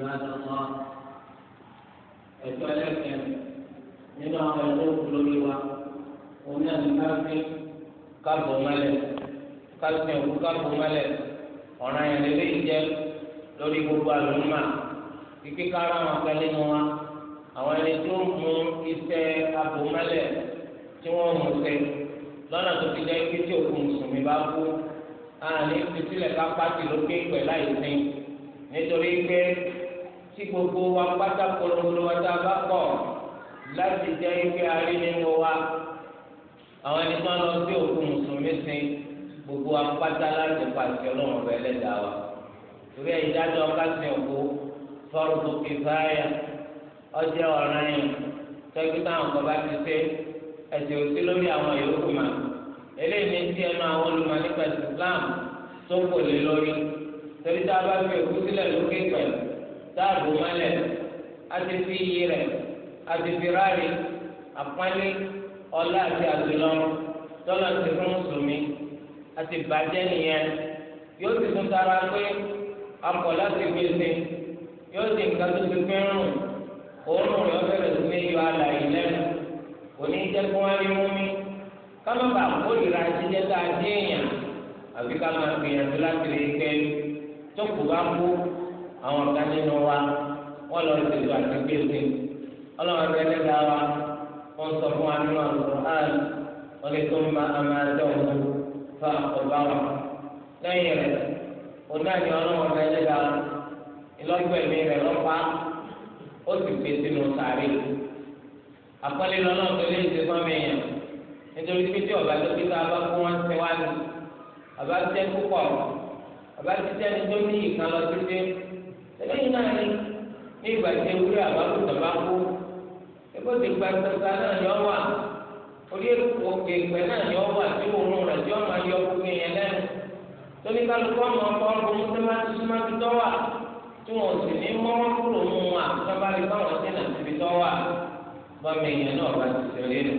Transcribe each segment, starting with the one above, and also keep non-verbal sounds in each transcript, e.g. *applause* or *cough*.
عباد الله ẹ̀tọ́ ẹlẹ́sẹ̀ nínú àwọn ẹ̀tọ́ òkúlórí wa òun náà ní káfí káàbọ̀ mẹ́lẹ̀ káfí ẹ̀kú káàbọ̀ mẹ́lẹ̀ ọ̀ràn yẹn lè léyìí jẹ́ lórí gbogbo àlùmọ́ kíkí kára wọn kẹ́ nínú wa àwọn ẹni tó mú iṣẹ́ káàbọ̀ mẹ́lẹ̀ tí wọ́n mú ṣe lọ́nà tó ti jẹ́ kí tí òkú mùsùlùmí bá kú àní fitilẹ̀ ká pàtì lókè pẹ̀ láì sin nítorí pé tí gbogbo wa pátá polongo wa tá a bá pọ̀ láti jẹ́ ike arí nínú wa àwọn ẹni tó ń lọ sí òkú mùsùlùmí sin gbogbo wa pátá láti pàṣẹ ọlọ́run rẹ̀ lẹ́dàá wa torí ẹ̀ ìdájọ́ kásìn òkú fọ́ọ̀rù kìfáyà ọjọ́ ọ̀ràn yẹn tọ́jú táwọn kan bá ti ṣe ẹ̀sìn òsì lórí àwọn yòókù mà eléyìí ní tí ẹnu àwọn olùmọ̀ nípa ìsìlámù tó kò lé lórí torí tá bá fi òkú sílẹ̀ lókè pẹ̀lú dáàbò mọ́lẹ̀ àti fi iyì rẹ̀ àti fi ráàlì àpọ́nlé ọlá àti àdúlọ́rùn tọ́lá ti fún mùsùlùmí àti bàjẹ́ nìyẹn yóò ti tún tara pé akọ̀ láti gbèsè yóò ti nǹkan tó ti pín rùn òórùn rẹ̀ ọ̀bẹ̀rẹ̀ sí ní yọ àlàyé lẹ́nu òní jẹ́ fún wa ní múmi kámẹ́bà kórìíra jíjẹ́ tá a àbí ká gbìyànjú láti rí i pé tó kù bá kú àwọn ọ̀gá nínú wa wọ́n lọ ṣètò àtẹ̀gbé sí ọlọ́run ẹgbẹ́ lẹ́dá wa wọ́n sọ fún wa nínú àlùkò áàlù wọ́n lè tó ma amáyájọ́ òun fún àkọ́bá wa lẹ́yìn rẹ̀ onáàni ọlọ́run ẹgbẹ́ lẹ́dá wa ìlọ́gbẹ̀mí rẹ̀ lọ́pa ó sì pè sínú sàárè àpọ́nlé lọ́lọ́run tó lè ṣe fún mi yẹn nítorí pété ọ̀gá tó bá fún wọn ṣe wá ní àbá tẹ́ púpọ̀ àbá títẹ́ ní tó ní ìkan lọ títí lẹ́yìn náà ni ní ìgbà tí ewúrẹ́ àbábùtà bá kú ẹgbẹ́ ti gba tata náà ni ọ wà orí òkè ìgbẹ́ náà ni ọ wà tí òun rẹ̀ tí ọ máa yọ ọkùnrin yẹn lẹ́nu tóní kálukú ọmọ ọkọ ọdún tó bá ti súnmọ́ ti tọ́ wà tí wọ́n sì ní mọ́wọ́ kúrò mú wọn àtúntàbárí káwọn sí náà ti fi tọ́ wà bọ́mọ èèyàn náà bá ti sèré nù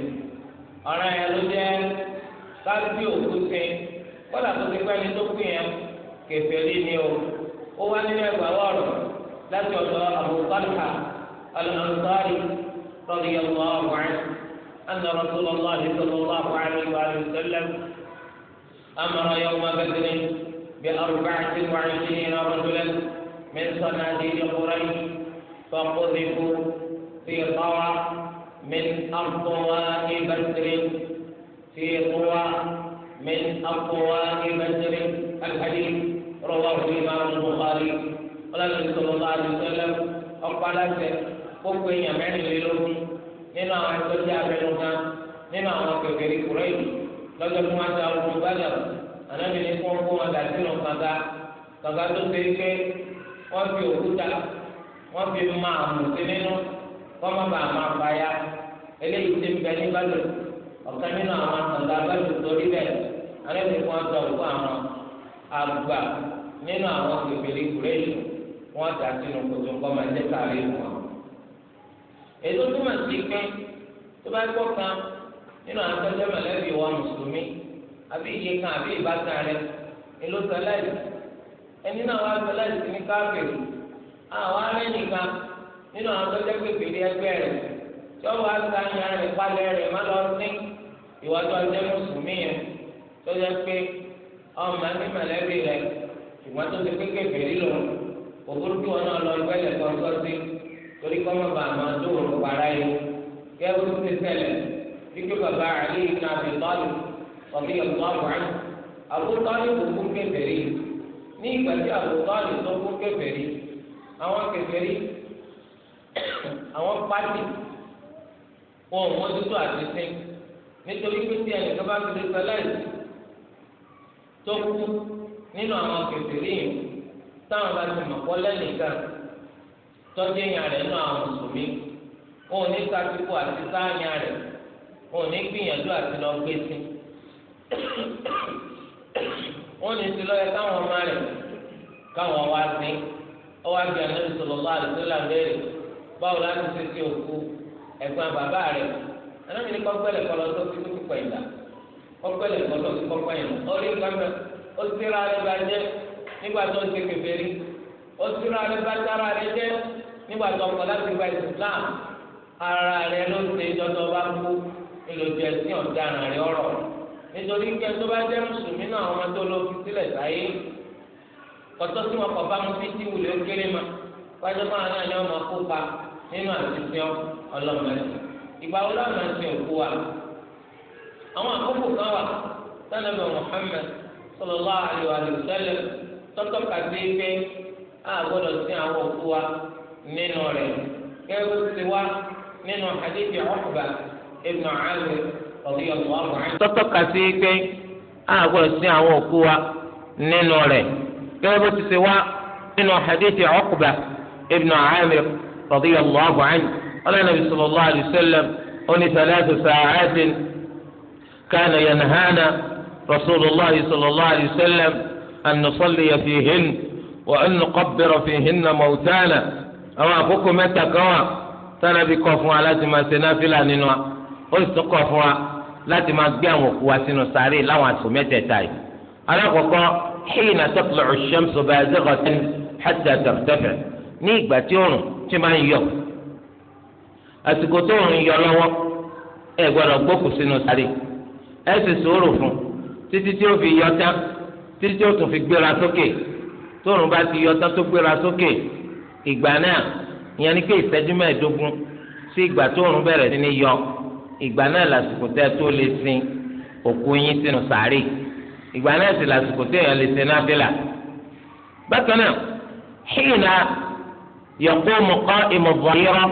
ọ̀rọ̀ yẹn ló jẹ́ káàdì òkú sí kọ́lá tó ti pẹ́ ni tó kú yẹn kẹfẹ́ lé ní o. هو أن يبقى وارد لسوة أبو طلحة الأنصاري رضي الله عنه أن رسول الله صلى الله عليه وآله وسلم أمر يوم بدر بأربعة وعشرين رجلا من صناديد قريش فقذفوا في طوى من أقواء بدر في طوى من أقواء بدر الحديث رواه الإمام البخاري ولكن صلى الله عليه وسلم ọ̀pá láti gbogbo èèyàn mẹ́rìnlélógún nínú àwọn ẹgbẹ́ tí a bẹnu kan nínú àwọn kẹ̀kẹ́rì kúrẹ́ yìí lọ́jọ́ fún wọn ta ọdún gbàgbà ànábì ní fún ọkọ wọn dàtí lọ kàga kàga tó ṣe pé wọ́n fi òkúta wọ́n fi máa mú sí nínú wọ́n má bàa máa fa ya eléyìí ti bẹ ní bàlù ọ̀kan nínú àwọn kàga bàlù torí bẹ́ẹ̀ ànábì fún wọn àwọn àgbà nínú àwọn gbèbèrè kúrẹ́sì wọn dà sínú kòtò nǹkan máa jẹ́ sáré wọn. ètò túmọ̀ sí pé tó bá gbọ́ kan nínú àwọn tọ́jú mọ̀lẹ́bí wa mùsùlùmí àbí iye kan àbí ìbátan rẹ èló sọláìsì ẹni náà wá sọláìsì ní káfíìrì àwọn arẹ́nìkan nínú àwọn tọ́jú gbèbèrè ẹgbẹ́ rẹ tí wọ́n wá sáyà rẹ palẹ̀ rẹ má lọ sí ìwọ́jọ́ jẹ́ mùsùlùmí yẹn tó yẹ pé ọmọ ní mọ̀lẹ́bí rẹ ṣùgbọ́n tó ti pín kẹfìrí lò ó burúkú wọn náà lọ ìgbẹ́lẹ̀ kan tó sí torí kọ́ máa bá àwọn adóòrò para yìí kẹ́ ó ti ṣẹlẹ̀ wípé bàbá àlè ibn Abi Talib ọ̀bí ọ̀gbọ́n àwọn Abu Talib kò kún kẹfìrí ní ìgbà tí Abu Talib tó kún kẹfìrí àwọn kẹfìrí àwọn pátì wọn ò mọ́tò tó àti sìn nítorí pé tí ẹnìkan nínú àwọn kẹfìrí yìí táwọn bá ti mọ̀ kọ́lẹ́ nìkan tọ́jú ìyàn rẹ̀ nínú àwọn mùsùlùmí òun ní kápíkù àti sáàyàn rẹ̀ òun ní gbìyànjú àti lọ gbé sí òun ní ti lọ́yẹ káwọn ọmọ rẹ̀ káwọn wá sí ọwọ́ àgbẹ̀ ànábi sọ̀rọ̀ bá àdúgbò àbẹ́rẹ́ báwo láti ṣe sí òkú ẹ̀gbọ́n bàbá rẹ̀ ànábi ní kọ́gbẹ́lẹ̀ kọ́ lọ sọ́kí tó kọ́ ìlà kọ́gbẹ́lẹ̀ kọ́ lọ sí kọ́kọ́ ìgbà mẹ́rin. ó síra rẹ̀ bàjẹ́ nígbà tó ń ṣe kèfèrí ó síra rẹ̀ bàjára rẹ̀ nígbà tó ń kọ̀ láti gba Islam ara ló ṣe bá kú ọ̀daràn nítorí tó bá mùsùlùmí náà àwọn tó lọ fi sáyé wọn bá mu títí kéré ma wájú kópa nínú ìgbà wo wa Muhammad sabtabka alaihi wa sallam tọ́tọ́ kàdé pé a gbọ́dọ̀ sí àwọn òkú wa nínú rẹ̀ kẹ́rù sí wa ibn Amir radiyallahu anhu. tọ́tọ́ kàdé pé a gbọ́dọ̀ sí àwọn wa nínú wa ibn قال رسول الله صلى الله عليه وسلم أن نصلي فيهن وأن نقبر فيهن موتانا أو أخوكم متى كوا تانا بكفوا على ما سنافلا ننوا قلت كفوا láti máa gbé àwọn òkú wa sínú sàárè láwọn àtò mẹ́tẹ̀ẹ̀ta yìí. alákọ̀ọ́kọ́ hìnà tọ́pìlì ọ̀ṣẹ́mùsọ̀ bá ẹ̀zẹ́kọ̀ tẹ́ hàtà tẹ̀fẹ̀tẹ̀fẹ̀ ní ìgbà tí oòrùn ti máa ń yọ. àsìkò tó oòrùn yọ lọ́wọ́ ẹ gbọ́dọ̀ gbókù sínú sàárè ẹ sì sòrò fún títí tí ó fi yọ tán títí tí ó tún fi gbéra sókè tóòrùn bá ti yọ tán tó gbéra sókè ìgbà náà ìyẹn ni pé ìṣẹ́jú mẹ́ẹ̀ẹ́dógún sí ìgbà tóòrùn bẹ̀rẹ̀ sí ní yọ ìgbà náà lásìkò tẹ́ tó lè sin òkú yín sínú sàárè ìgbà náà sì lásìkò tẹ́ èèyàn lè sin náfìlà bákan náà hìnà yọ̀kó mọ̀kọ́ ìmọ̀bọ̀ yọrọ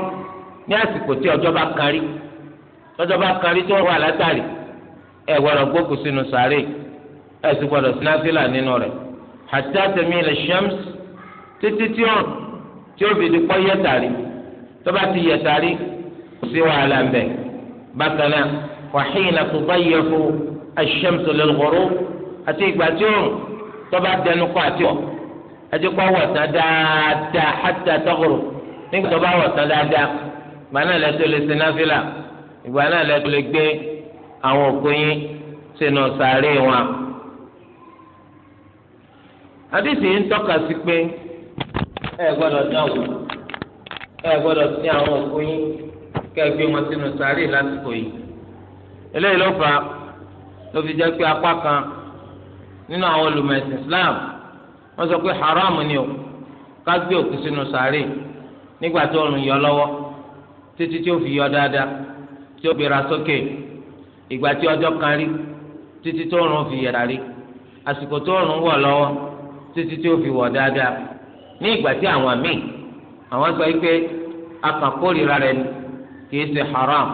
ní àsìkò tí ọjọ́ bá kárí ọjọ́ bá kárí tó wà látàrí ẹ gbọ́dọ̀ gbókù sínú sàárè ẹ sì gbọ́dọ̀ sinafila nínú rẹ̀ hatta tamila shams títí tí ó tí ó fi di pọ́ yẹtàrí tó bá ti yẹtàrí kò sí wàhálà ń bẹ bákan náà wa hina tudayyafu ash-shamsu lil ghurub àti ìgbà tí ó tó bá dẹnu kọ́ àti ọ̀ ẹjẹ kó wọ̀ tán dáadáa hatta taghrub nígbà tó bá wọ̀ tán dáadáa ìgbà náà lè sinafila ìgbà náà lẹ́tọ́ lè gbé. àwọn òkú yín sínú sàárè wọn. àdìsí ń tọ́ka sí pé ẹ gbọ́dọ̀ dáwọ́ ẹ gbọ́dọ̀ sí àwọn òkú yín kẹ́gbẹ́ wọn sínú sàárè lásìkò yìí. eléyìí ló fà á ló fi jẹ́ pé apá kan nínú àwọn olùmọ̀ẹ̀sìn Islam wọ́n sọ pé haram ni o ká gbé òkú sínú sàárè nígbà tó oòrùn yọ lọ́wọ́ títí tí ó fi ìgbà tí ọjọ́ kan rí títí tó rùn fi yẹra rí àsìkò tó rùn wọ̀ lọ́wọ́ títí tó fi wọ̀ dáadáa ní ìgbà tí àwọn míì àwọn sọ pé akàkórira rẹ̀ ni kì í ṣe haram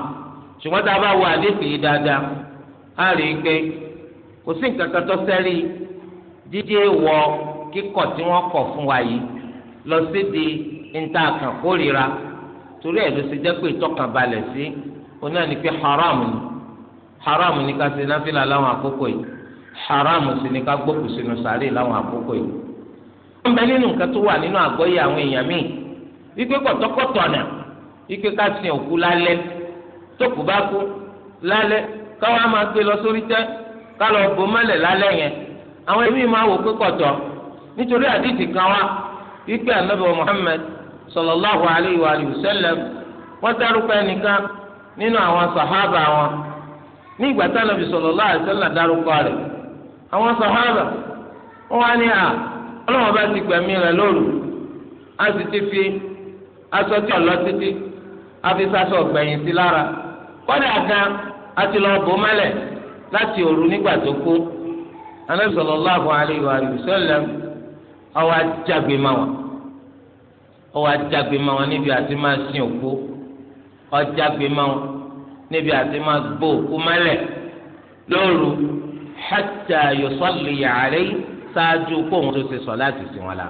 ṣùgbọ́n tá a bá wo àdéhùn yìí dáadáa á rí i pé kò sí nǹkan kan tó sẹ́rí dídé wọ kíkọ̀ tí wọ́n kọ̀ fún wa yìí lọ sí di níta àkàkórira torí ẹ̀ ló ṣe jẹ́ pé ìtọ́kànbalẹ̀ sí onáà ní pé haram ni. haram nika ká ṣe náfìlà láwọn àkókò yìí haram si ní ká gbókù sínú sàárè láwọn àkókò yìí. wọ́n bẹ nínú nǹkan tó wà nínú àgọ́yé àwọn èèyàn míì wípé kọ̀tọ́kọ̀tọ̀ tupu ká sin òkú lálẹ́ tókù bá kú lálẹ́ káwọn á máa gbé lọ sórí tẹ́ lálẹ́ yẹn àwọn máa wò kọ̀tọ̀ nítorí àdìtì kan Muhammad sallallahu alayhi wa sallam wọ́n dárúkọ ẹnìkan nínú àwọn ní ìgbà tí anabi sallallahu alaihi a dárúkọ rẹ̀ àwọn sàhábà wọn wá ní à ọlọ́wọ́n bá ti a sì ti fi aṣọ tí ọ̀lọ́ títí a fi sasọ gbẹ̀yìn sí lára kọ́dà a ti lọ bò mẹ́lẹ̀ láti òru nígbà tó kú anabi sallallahu alaihi wasallam ọwọ́ ajagbe ma wọn ọwọ́ ajagbe ma wọn níbi àti máa sin òkú ọjagbe ma níbi àti máa gbó òkú mọ́lẹ̀ lóru hatta yusalli alayhi ṣáájú kó òun tó ṣe sọ láti sìn wọn la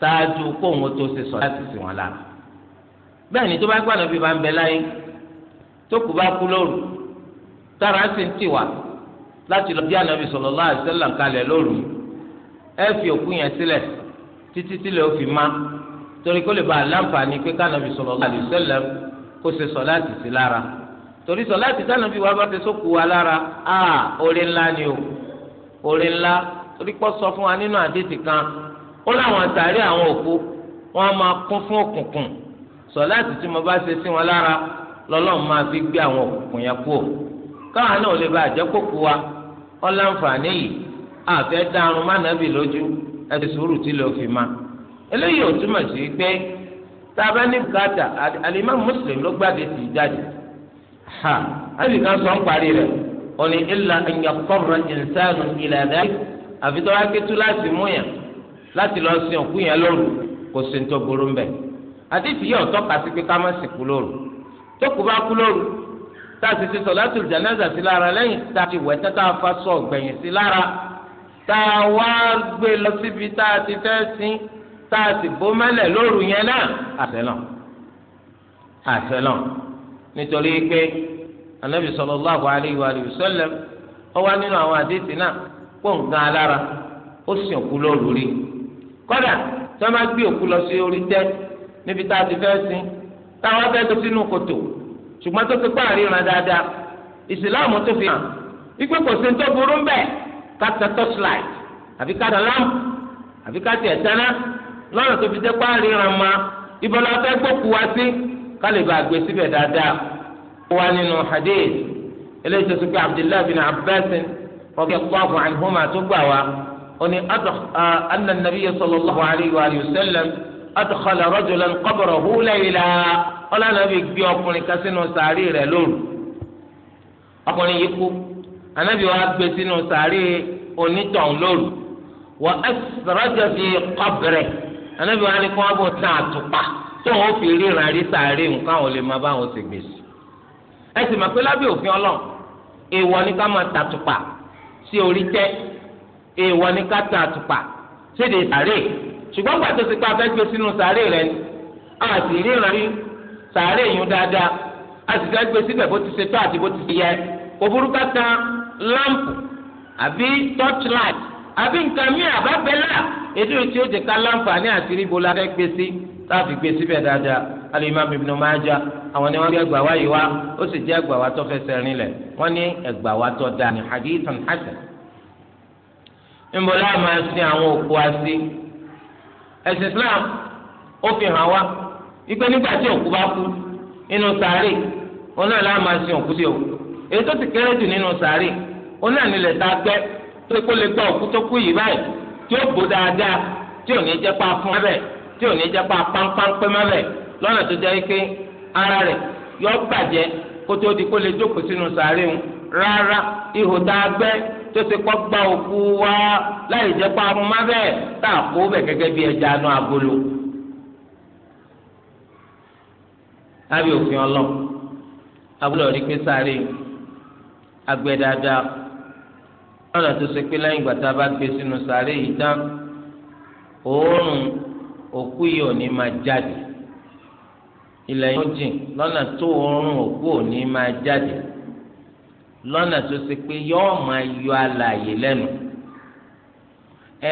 ṣáájú kó òun tó ṣe sọ láti sìn wọn la bẹ́ẹ̀ ni tó bá gbàdọ̀ bí ba ń bẹ láyé tó kù bá kú lóru tára sì ń tì wá láti lọ bí ànábì sallallahu alaihi wasallam kalẹ̀ lóru ẹ fi òkú yẹn sílẹ̀ títí tí lè fi má torí kó lè ba àlàǹfààní pé kànábì sallallahu alaihi wasallam kó ṣe sọláàtì sí lára torí sọláàtì táwọn bí wàá bá ti sókù wa lára a orí ńlá ni o orí ńlá torí pọ́ sọ fún wa nínú àdéhìí kan ó láwọn àtàrí àwọn òkú wọn máa kún fún òkùnkùn sọláàtì tí mo bá ṣe sí wọn lára lọ́lọ́run máa fi gbé àwọn òkùnkùn yẹn kú o káwọn náà lè ba àjẹkókù wa ọláǹfààní yìí àfẹ́ dárun mánàbì lójú ẹ ti sùúrù tí lè fi ma eléyìí ò túmọ̀ sí pé tàbá ní bùkátà alimami muslim ló gbàdé tì jáde ha ẹnì kan sọ ń parí rẹ̀ ó ní ilà ẹnyàkọrọ ìnsánu ìlànà àfitọ́ akétú láti mú yàn láti lọ sin òkú yẹn lóru kò sí ní tó burú mbẹ àti ìfìyà ọ̀tọ́ kà sí pé ká má sì kú lóru tó bá kú lóru tá a sì ti sọ̀látù jánásà sí lára lẹ́yìn tá a ti wẹ̀ tá a fa sọ ọ̀gbẹ̀yìn sí lára tá a wá gbé lọ síbi tá a ti fẹ́ sin. tá a sì bó mẹ́lẹ̀ lóru yẹn náà àfẹ́lọ́ àfẹ́lọ́ nítorí pé anabi sallallahu alayhi wa sallam ó wà nínú àwọn àdéhìí náà pọ̀ nǹkan alára ó sì òkú lóru rí kódà tí wọ́n bá gbé òkú lọ sí orí tẹ́ níbi tá a ti fẹ́ sin táwọn fẹ́ tó sínú kòtò ṣùgbọ́n tó ti pààrí ìran dáadáa ìsìláàmù tó fi hàn wípé kò sí tó burú ká tẹ lọ́nà tó fi jẹ́ pé àríran ma ìbọn afẹ́ gbòkú wa sí kálíbà gbé síbẹ̀ dáadáa wa nínú hadith eléyìí tó sọ pé abdullahi bin abbas radiyallahu anhuma tó gbà wá ó ní anna nabiyya sallallahu alayhi wa sallam adkhala rajulan qabrahu layla ọlọ́nà bí gbé ọkùnrin kan sínú sàárì rẹ̀ lóru ọkùnrin yìí kú anabi wa gbé sínú sàárì onítọ̀hún lóru wa asraja fi anábì wa ni kí wọ́n bọ̀ tán àtùpà tó wọn fi ríran rí sáré nǹkan àwọn lè máa bá wọn sì gbèsè ẹ sì mọ̀ pé lábẹ́ òfin ọlọ́run èèwọ̀ ni ká máa tàtùpà sí orí tẹ́ èèwọ̀ ni ká tàtùpà síde sáré ṣùgbọ́n gbàtọ́ sí pé a fẹ́ gbé sínú sáré rẹ ni a sì ríran rí sáré yún dáadáa a sì fẹ́ gbé síbẹ̀ bó ti ṣe tó àti bó ti ṣe yẹ kò burúkú tán láǹpù àbí torchlight àbí nǹkan mi àbábẹ́là ètò tí ó ti ká láǹfààní àti ríbo la fẹ́ gbé sí láàfi gbé síbẹ̀ dáadáa alimam ibn Majah àwọn ni wọ́n gbé ẹgbàá wáyé wa ó sì jẹ́ ẹgbàá wa tó fẹsẹ̀ rinlẹ̀ wọ́n ní ẹgbàá wa tó dáa ní hadithan hasan. nbọ̀lá máa sin àwọn òkú wa sí ẹ̀sìn Islam ó fi hàn wá wípé nígbà tí òkú bá kú nínú sàárè òun náà láà máa sin òkú sí o èyí tó ti kéré jù nínú sàárè òun náà nílẹ̀ tá a gbẹ́ tó kó lè gba òkú tó kú yìí báyìí tí ó bò dáadáa tí ò ní jẹ́ pa fún mẹ́bẹ̀ tí ò ní jẹ́ pa pánpánpẹ́ tó jẹ́ pé ara rẹ̀ yọ bàjẹ́ kó tó di kó lè jókòó sínú sàárè ń rárá ihò tá a gbẹ́ tó ti kọ́ òkú láì jẹ́ pa fún tá a kó bẹ̀ gẹ́gẹ́ bí ẹja anú agolo. lábẹ́ òfin ọlọ́ pé agbẹ́ dáadáa. lọ́nà tó ṣe pé lẹ́yìn ìgbà tá a bá gbé sínú sàárè yìí tán òórùn òkú yìí ò ní máa jáde ilẹ̀ yóò jìn lọ́nà tó òórùn òkú ò ní máa jáde lọ́nà tó ṣe pé yọ́ọ́ máa yọ alàyè lẹ́nu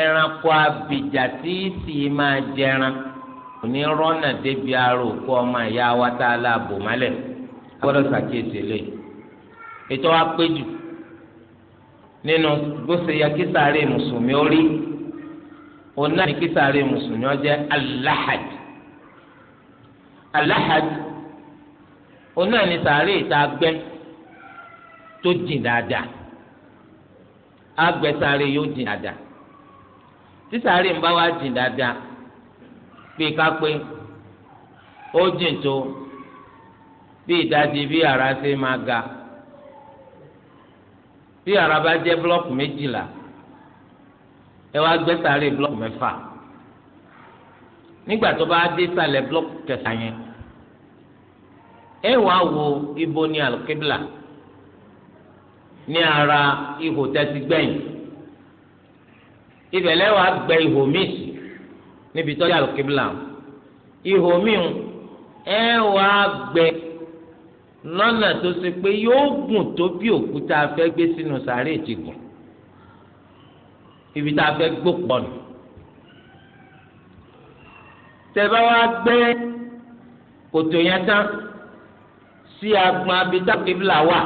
ẹranko abìjà tí sì máa jẹran kò ní rọ́nà débi ara òkú ọmọ ìyá wa tá a láàbò mọ́lẹ̀ gbọ́dọ̀ ṣàkíyèsí lé ètò apéjù. nínú bó yẹ kí sáré mùsùlùmí ó rí òun náà kí sáré mùsùlùmí ó jẹ́ alahad alahad òun ni sáré ìta gbẹ́ tó jìn dáadáa agbẹ́ sáré yóò jìn dáadáa tí sáré ń bá wá jìn dáadáa ká pé ara ṣe máa ga. bí yàrá bá jẹ́ búlọ́ọ̀kù méjìlá ẹ wá gbé sáré búlọ́ọ̀kù mẹ́fà nígbà tó bá dé sàlẹ̀ búlọ́ọ̀kù kẹsàn-án yẹn ẹ wàá wo ibo ní alùkébìlà ní ara ihò tẹ́tí gbẹ̀yìn ibẹ̀ lẹ́wàá gbẹ ihò míì sí níbi tọ́jú alùkébìlà ihò míì ẹ wàá gbẹ lọ́nà tó ṣe pé yóò gùn tó bí òkúta afẹ́ gbé sínú sàárè ti gùn ibi tá a fẹ́ gbópọ̀ nù. tẹ́ bá wá gbẹ́ kòtò yẹn tán sí agbọn abidá kébìlà wà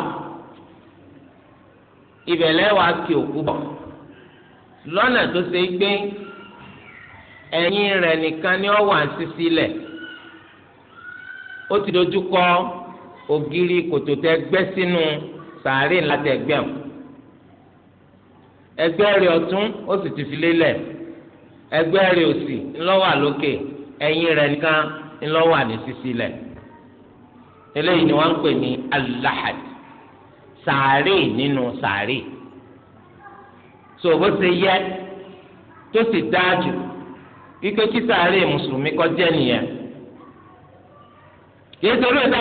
ibẹ̀ lẹ́wàá kí òkú bọ̀ lọ́nà tó ṣe gbé ẹ̀yìn rẹ̀ nìkan ni ó wà ń sísí lẹ̀ ó ti dojú kọ ògiri kòtò tẹ gbẹ́ sínú sàárè ńlá tẹ gbẹ́ o ẹgbẹ́ rẹ̀ ọ̀tún ó sì ti fi lélẹ̀ ẹgbẹ́ rẹ̀ òsì ńlọ́wà lókè ẹ̀yìn rẹ̀ nìkan ńlọ́wà ní sísí lẹ̀ eléyìí ni wọ́n ń pè ní alahad sàárè nínú sàárè so bó ṣe yẹ tó sì dáa jù kíkẹ́ kí sàárè mùsùlùmí kọjá nìyẹn. kì í ṣerú ìta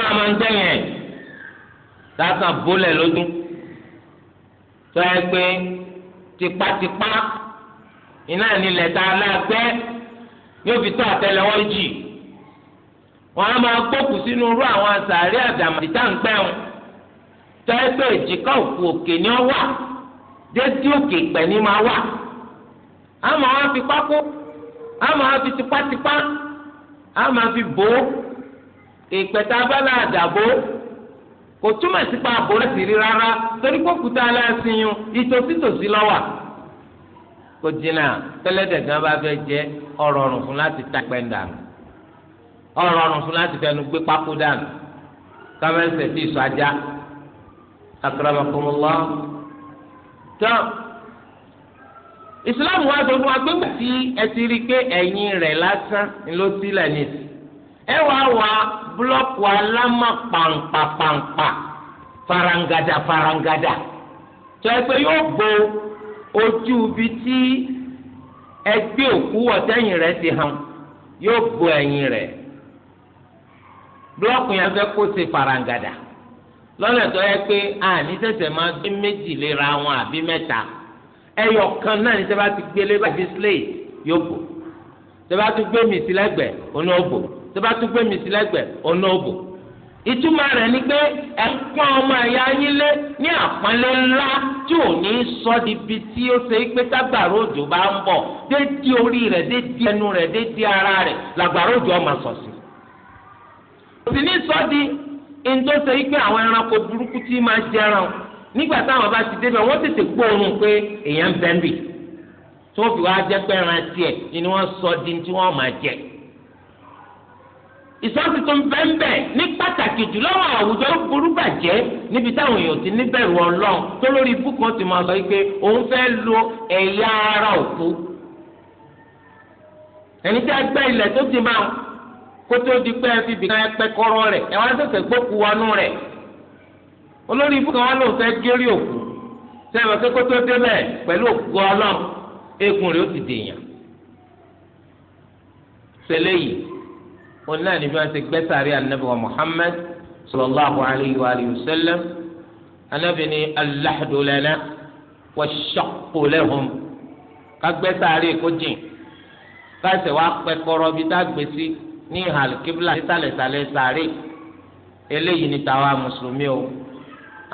àwọn bólẹ̀ tó ẹ pé tipátipá iná tá a lágbẹ́ yóò fi tó àtẹlẹwọ́ jì wọn a máa gbókù sínú irú àwọn àṣàrí àdàmàdì tá à ń pẹ́ wọn tó ẹ pé èjìká òkú òkè ni ó wà dédé òkè ìpẹ́ ni máa wà a máa fi pákó máa fi tipátipá máa fi ìpẹ̀tà abala àdàbò kò túmọ̀ sí pa àbò láti rí rárá torí pé òkúta aláṣiyun ìtòsítòsí lọ́wà kò jìnnà tẹ́lẹ̀dẹ̀ gan bá fẹ́ jẹ́ ọ̀rọ̀ ọ̀rùn fún láti ta pẹ́ dànù ọ̀rọ̀ ọ̀rùn fún láti fẹnu gbé pákó dànù kámẹ́sẹ̀ tí ìsọ ajá akramakumullah tán ìsìláàmù wa sọ fún wa pé gbèsè ẹ pé ẹ̀yìn rẹ̀ lásán ló sílẹ̀ nìyí ẹ wá wá búlọ́ọ̀kù alámà pàǹpàpàǹpà farangada farangada tó ẹ yóò bo ojú ibi tí ẹgbẹ́ òkú ọ̀tẹ́yìn rẹ ti hàn yóò bo ẹ̀yìn rẹ búlọ́ọ̀kù yẹn fẹ́ kó ṣe farangada lọ́nà tó yẹ pé àní sẹ̀sẹ̀ máa gbé méjì léra wọn àbí mẹ́ta náà ní sẹ́fà ti gbélé bàbí slate yóò bò sẹ́fà ti gbé tó bá tún gbé mi sí lẹ́gbẹ̀ẹ́ ọ̀nà òbò ìtumọ̀ rẹ̀ ni pé ẹ̀pọ́n ọmọ ẹ̀yà yín lé ní àpọ́nlé ńlá tí ò ní sọ di bi tí ó ṣe pé tágbàrá òjò bá ń bọ̀ dédí orí rẹ̀ dédí ẹnu rẹ̀ dédí ara rẹ̀ làgbàrá òjò ọmọ sọ̀sì. kò sì ní sọ di ní pé àwọn ẹranko burúkú tí máa jẹran nígbà táwọn bá ti débẹ̀ wọ́n tètè gbóòórùn pé èèyàn ń bẹ́ńbì tó fi wá jẹ́ pẹ́ran tiẹ̀ ni wọ́n sọ di tí wọ́n máa jẹ ìsọ́sí tó ń bẹ́ ń bẹ̀ ní pàtàkì jùlọ àwọn àwùjọ burú bàjẹ́ níbi táwọn èèyàn ti níbẹ̀rù ọlọ́run tó lórí ibú kan ti máa sọ pé òun fẹ́ lo ẹ̀yà ara òkú. ẹni tí a gbẹ́ ilẹ̀ tó ti máa kó tó di pé fi bìkan ẹpẹ kọ́rọ́ rẹ̀ ẹ sẹ̀sẹ̀ gbókù wọnú rẹ̀. olórí ibú kan wá lóun fẹ́ gérí òkú sẹ́wọ̀n pé kó tó débẹ̀ pẹ̀lú òkú ọlọ́run eegun rẹ̀ ó ti dèèyàn òun náà níbi wọn ti gbẹ́ sàárì anabi wa muhammad sallallahu alayhi wa sallam anabi ni alahdu lana wa shaqu lahum ká gbẹ́ sàárì kó jìn káṣẹ wa pẹ́ kọ́rọ́ bí tá a gbé sí ní alkibla nísàlẹ̀sàlẹ̀ sàárì eléyìí ni tàwa mùsùlùmí o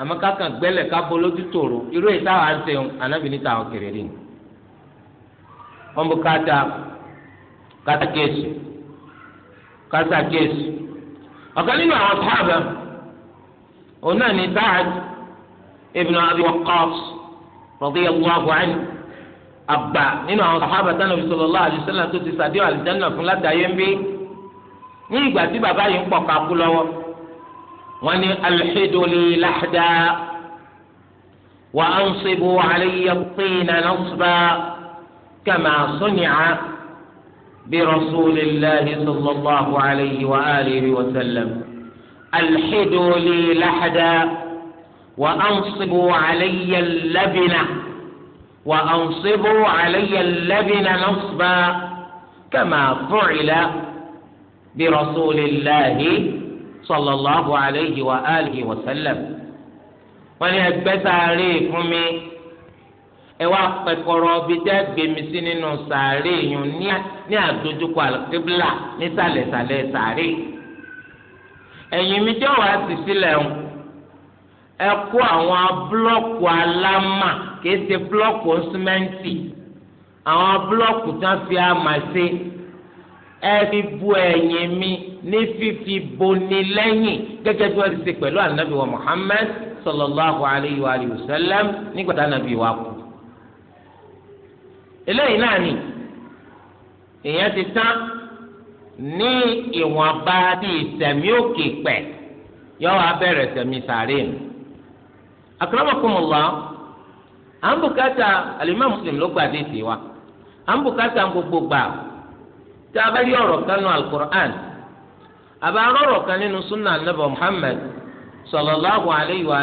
àmọ́ kákan gbẹ́lẹ̀ ká bolójú tòrò irú èyí táwa ń sẹ́yìn anabi ni tàwa kéré ni wọn bó káta káta kéésì kásá kéésì ọ̀kan nínú àwọn sábà òun náà ní Sa'ad ibn Abi Waqqas radiyallahu anhu àgbà nínú àwọn sábà tánà fi sallallahu alaihi wasallam tó ti sàdéhùn àlùjáná fún látàyé ń bí ní ìgbà tí bàbá yìí ń pọ̀ kakú lọ́wọ́ wọn ni alḥidoli laḥda wa anṣibu alayya tina nasba kama suni'a. برسول الله صلى الله عليه وآله وسلم ألحدوا لي لحدا وأنصبوا علي اللبنة وأنصبوا علي اللبن نصبا كما فعل برسول الله صلى الله عليه وآله وسلم ولأكبت عليكم ẹ wá pẹkọrọ bíi tẹ gbèmí sí nínú sàárè yun ní àdójúkọ àlùkébílà nísàlẹ̀sàlẹ̀ sàárè ẹ̀yìn mi tí ọwọ àti sílẹ̀ ń ẹ kó àwọn búlọ̀kù alámà kìí ṣe búlọ̀kù símẹ́ǹtì àwọn búlọ̀kù tí wọ́n fi àmà ṣe ẹ fi bu ẹ̀yìn mi ní fífi boni lẹ́yìn gẹ́gẹ́ bí wọ́n ti ṣe pẹ̀lú ànábì wa Muhammad sallallahu alayhi wa sallam nígbà tí ànábì kú. eléyìí náà ni èèyàn ti tán ní ìwọ̀nba bí ìsẹ̀mí òkè pẹ̀ yọ abẹ́rẹ́ sẹ̀mí sàárè nù. akramakumullah à ń bùkátà àlùmọ́ mùsùlùmí ló gbà dé tiwa à ń bùkátà gbogbo gbà tá a bá rí ọ̀rọ̀ kan nínú alukur'an àbá rọ̀rọ̀ muhammad sallallahu alayhi wa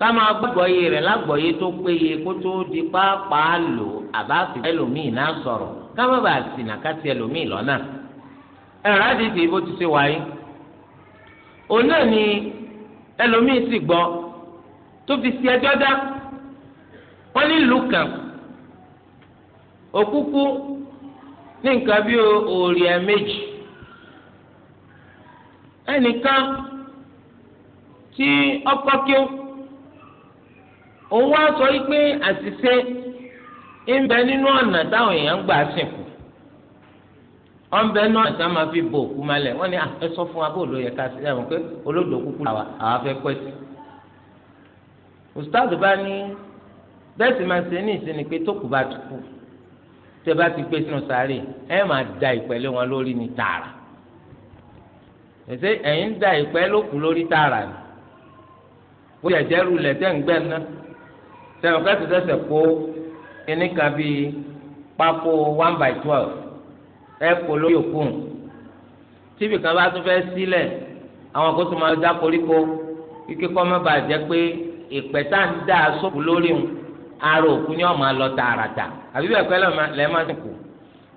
kama máa gbàgbọ́ tó péye kó di pàápàá lò àbáfi ẹlòmíì náà sọ̀rọ̀ ká má bàa sìnà ká ti ẹlòmíì lọ́nà. bó ti se wáyé òun náà ni sì gbọ́ tó fi ṣe ẹjọ́ dá ìlú kan òkúkú òun wá sọ wípé àṣìṣe ń bẹ nínú ọ̀nà táwọn èèyàn ń gbà sìnkú wọn bẹ náà ẹ̀sán máa fi bo òkú malẹ̀ wọ́n ní àfẹ́ sọ fún wa bó ló yẹ ká sí ẹ̀wọ̀n pé olódò kúkú làwà àwọn afẹ́ pẹ́sì. ustaz bá ní bẹ́ẹ̀ sì máa ṣe ní ìsinmi pé tó kù bá ti kú tẹ́ bá ti gbé sínú sáré ẹ máa da ìpẹ́lẹ́ wọn lórí ní tààrà ẹ̀yìn da ìpẹ́ lókù lórí tààrà ni bóyá ìjẹ́rù lẹ̀ tẹ́ ń gbẹ́ náà sẹ́wọ̀n kẹ́sì sẹ́sẹ̀ kó kíní kan bíi one by twelve ẹ̀ kó lórí òkun tíbi kan bá tún fẹ́ sílẹ̀ àwọn kó tó máa dá koríko kíkẹ́ kọ́ má bàa jẹ́ pé ìpẹ́tà ń dá sóòkù lórí òun ara òkú ni ọmọ alọ tààràtà àbí bẹ́ẹ̀ pẹ́ lẹ́ẹ̀ má ti kù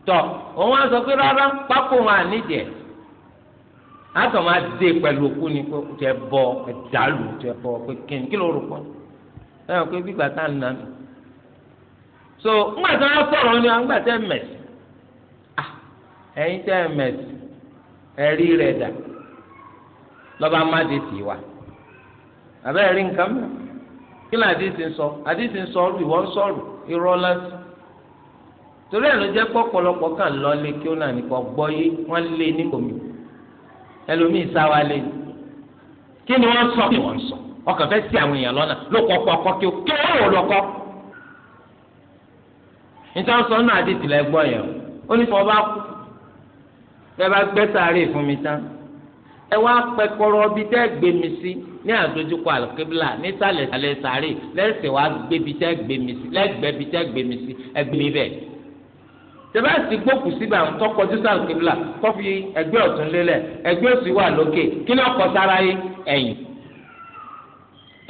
tọ òun á sọ pé rárá pákó wọn àníjẹ á sọ máa dé pẹ̀lú òkú ni pé tẹ bọ ẹ tẹ bọ pé kíni kí ló rò pọ̀ ẹ pé tá à so ńgbà tí wọn sọ̀rọ̀ ni wọn gbà tẹ mẹsì ah, ẹyin tẹ mẹsì ẹrí rẹ dà lọba amadi tì wá àbẹ ẹrí nǹkan kí ni àdìsí ń sọ àdìsí ń sọ̀rọ̀ ìwọ ń torí ẹ̀ ló jẹ́ pé lọ lé kí ó nàní kọ gbọ́ yé omi ẹlòmíì kí ni sọ ọkàn fẹ́ sí àwọn èèyàn lọ́nà ló kọ́ ọkọ kí o kí wọ́n wò lọ́kọ́. níta sọ náà àti tìlẹ̀ gbọ́ yẹn o ó ní fọ́ bá kú bẹ́ẹ̀ bá gbẹ́ sáré fún mi tán ẹ wá pẹ kọrọ bí tẹ́ gbé mi sí ní àdójúkọ àlùkébílà ní sàlẹ̀ sàlẹ̀ sáré lẹ́sẹ̀ wá gbé bí tẹ́ gbé mi sí lẹ́gbẹ́ bí tẹ́ gbé mi sí ẹgbẹ́ mi bẹ́ẹ̀ tẹ̀bẹ́sì gbókù síbẹ̀ àwọn tọkọ jésù àlùkébílà kọ́fì ẹgbẹ́ ọ̀tún lélẹ̀ ẹgbẹ́ òsì wà lókè kí ni ọkọ̀ sára yìí ẹ̀yìn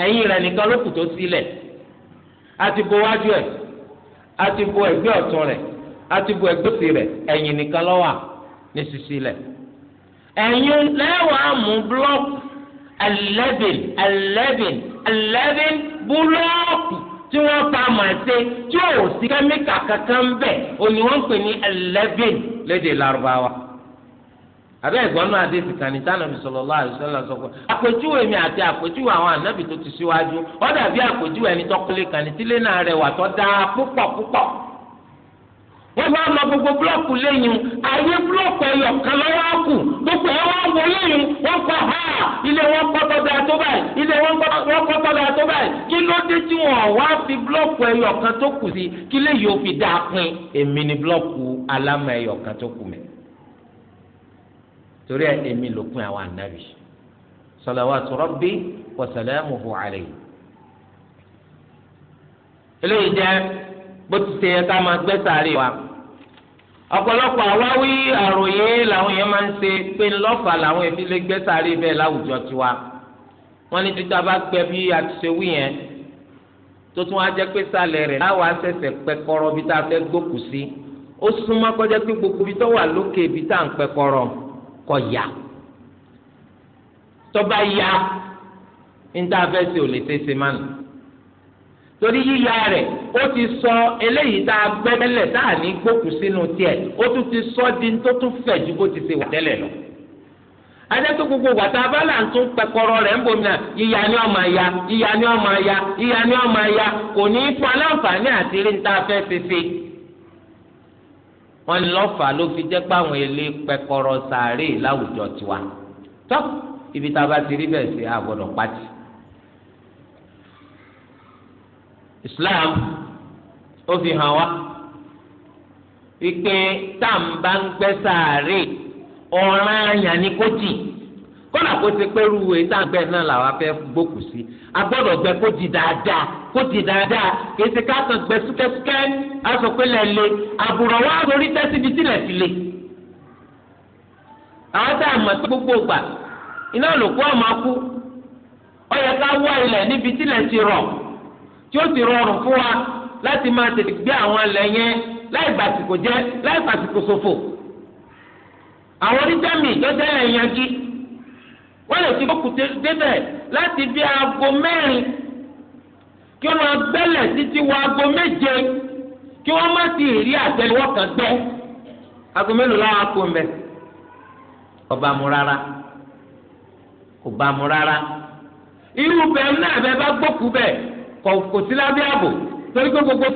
ẹ̀yìn rẹ̀ nìkan ló kù tó sílẹ̀ àti bo wájú ẹ̀ àti bo ẹ̀gbẹ́ ọ̀tún rẹ̀ àti bo ẹ̀gbẹ́ òsì rẹ̀ ẹ̀yìn nìkan ló wà ní sísílẹ̀ ẹ̀yìn lẹ́wàá mú búlọ́ọ̀kù eleven eleven eleven búlọ́ọ̀kù tí wọ́n pa màṣẹ tí ò sí kẹ́míkà kankan bẹ́ẹ̀ òní wọ́n ń pè ní eleven lédè lárúbáwá abẹ́ ìgbọ́nú àdéhùn kan ní tánàbí sallallahu alaihi wasallam sọ pé àpèjúwe mi àti àpèjúwe àwọn ànábì tó ti síwájú ó dàbí àpèjúwe ẹni tó kọ́lé kan ní tílé náà rẹwà tó dáa púpọ̀ púpọ̀. wọ́n bá lọ gbogbo búlọ́ọ̀kù lẹ́yìn ayé búlọ́ọ̀kù ẹ̀yọ̀ kan lọ́wọ́ kù gbogbo ẹ̀ wọ́n wọ lẹ́yìn wọ́n kọ́ ha ilé wọn kọ́ tọ́ da tó báyìí ilé wọn kọ́ tọ́ da tó báyìí kí ló dé tí wọn wá fi búlọ́ọ̀kù ẹ̀yọ̀ kan tó kù sí kí lè yóò fi dáa pin èmi ni búlọ́ọ̀kù alámọ̀ ẹ̀yọ̀ kan tó kù mẹ́ta torí èmi lòpin àwọn ànábì salawatu rabbi wa salamuhu alayhi. eléyìí jẹ́ bó ti ṣe yẹ ká máa gbé sáré wa ọ̀pọ̀lọpọ̀ àwáwí àròyé làwọn yẹn máa ń ṣe pé ńlọ́fà làwọn ẹbí lè gbé sáré bẹ́ẹ̀ láwùjọ tiwa wọ́n ní títa bá gbẹ bí a ti ṣe wí yẹn tó tún wá jẹ́ pé sálẹ̀ rẹ̀ láwa ṣẹ̀ṣẹ̀ pẹ kọ́rọ́ bí tá a fẹ́ gbókù sí ó súnmọ́ kọjá pé gbogbo ibi tó wà lókè ibi tá à ń pẹ kọ́rọ́ kọ ya tọba ya níta fẹ́ sí ò lè mánu torí yíya rẹ̀ ó ti sọ eléyìí tá a gbẹ́mẹ́lẹ̀ tá a ní gbókù sínú ó tún ti sọ di tó tún fẹ̀ ju bó ti ṣe wà lọ adẹ́tò gbogbo wàtá abala ń tún pẹkọrọ rẹ ń yíya ni ọmọ ya yíya ni ya yíya ni ya kò ní í fún aláǹfààní àti wọn ní lọ́fà ló fi jẹ́ pé àwọn ilé pẹkọrọ sàárè láwùjọ tiwa tọ́ ibi tá a bá ti rí bẹ́ẹ̀ sí àgbọ̀dọ̀ pàtì. Islam ó fi hàn wá wípé tá à ń bá ń gbẹ́ sàárè ọ̀ràn àyàn ní kò jì. kọ́nà kó ṣe pé irú ìtàgbẹ́ náà làwọn afẹ́ gbókù sí a gbọ́dọ̀ gbẹ kó di dáadáa kó di dáadáa kì í ṣe ká kàn gbẹ súkẹ́súkẹ́ le àbùrọ̀ lórí ti le. àwọn tá a mọ̀ sí gbogbo gbà iná ọmọ ká wá ilẹ̀ níbi ti rọ̀ tí ó ti rọrùn fún wa láti máa tètè gbé àwọn ilẹ̀ yẹn láì gbàsìkò jẹ́ láì gbàsìkò àwọn wọ́n lè ti gbókùté débẹ̀ láti bí aago mẹ́rin kí wọ́n máa gbẹ́lẹ̀ títí wọ aago méje kí má ti rí àtẹ́lẹwọ́ kan aago mélòó mbẹ ọba mu rárá kò bá mu rárá irú bẹ́ẹ̀ náà bẹ́ẹ̀ bá gbókù bẹ́ẹ̀ kò sí lábẹ́ ààbò torí pé gbogbo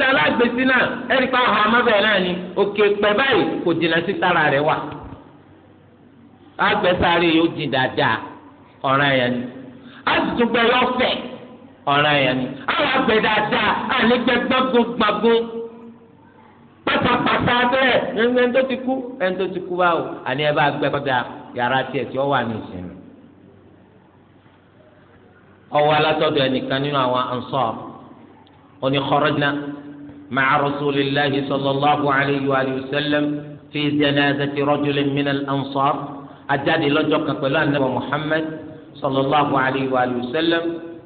ni òkè báyìí kò sí tara rẹ̀ wà. àgbẹ̀sáré yóò dáadáa ọ̀ràn yẹn ni a sì tún gbẹ yọ fẹ ọ̀ràn yẹn ni àwọn àgbẹ dáadáa ànígbẹ gbọgbọn gbọgbọn pátápátá bẹ́ẹ̀ ẹni tó ti kú ẹni tó ti kú báwo àní ẹ bá gbẹ kọjá yàrá tiẹ̀ tí ó wà ní ìsinmi ọwọ alátọdọ ẹnìkan nínú àwọn ansar oní kharajna ma'a rasulillahi sallallahu alayhi sallallahu alayhi wa sallam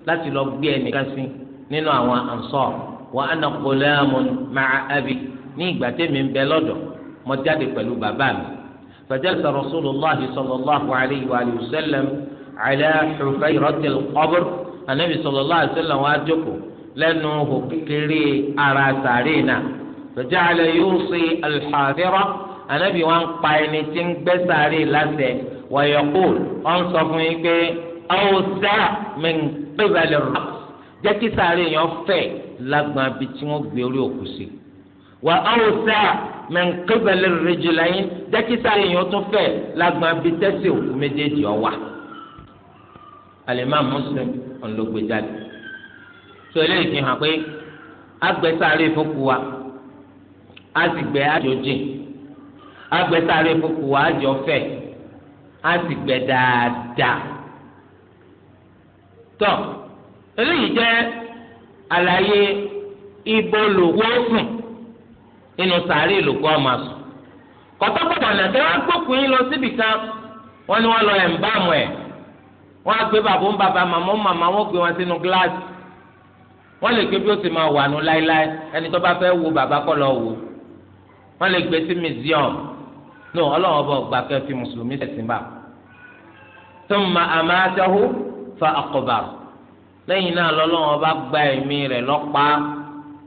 láti lọ gbé ẹnìkan sí nínú àwọn ansar wa ana ghulamun ma'a abi ní ìgbà tẹ́mi ń bẹ lọ́dọ̀ mo jáde pẹ̀lú bàbá mi fajalasa rasulullahi sallallahu alayhi wa sallam ala hufayratil qabr anabi sallallahu alayhi wa sallam wa jókòó lẹ́nu hù ara sàárè náà yusi al anabi wa ń pa ẹni tí ń gbẹ́ sàárè lásẹ̀ẹ́ wọ̀yẹ̀kùl ọ̀n sọ fún yín pé ọ̀sà mẹ́ńpẹ́bàlẹ̀ rà jẹ́ kí sáré yẹn fẹ̀ lágbọ̀n abi tí wọ́n gbé orí òkú sí wà ọ̀sà mẹ́ńpẹ́bàlẹ̀ rẹ̀jùlá yín jẹ́ kí sáré yẹn tún fẹ̀ lágbọ̀n abi tẹ́sí òkú méjèèjì ọ̀wà. alimami muslim ọ̀nlọ́gbẹ̀jáde tó eléyìí fi hàn pé agbẹ́sáré fúnkù wa azìgbẹ́ àjọjìn agbẹ́sáré fúnkù wa àjọfẹ́ á sì gbẹ dáadáa tọ eléyìí jẹ́ àlàyé ibo lòwó sùn inú sàárè lòkọ ọmọ sùn kọtọkọtọ nàdé wọn gbókùn yín lọ síbi kan wọn ni wọn lọ ẹ̀ ń bá àmọ́ ẹ̀ wọn á gbé bàbá ń bàbá màmá màmá wọn gbé wọn sínú gíláàsì wọn lè gbé bí ó sì máa wà nù láéláé ẹni tó bá fẹ́ wo bàbá kọ́ lọ wò wọn lè gbé sí museum no ọlọ́run ọba ọgbà kẹ́ fi mùsùlùmí sẹ̀sìn bá thumma amatahu fa aqbar lẹ́yìn náà lọ́lọ́run ọba gba ẹ̀mí rẹ̀ lọ́pa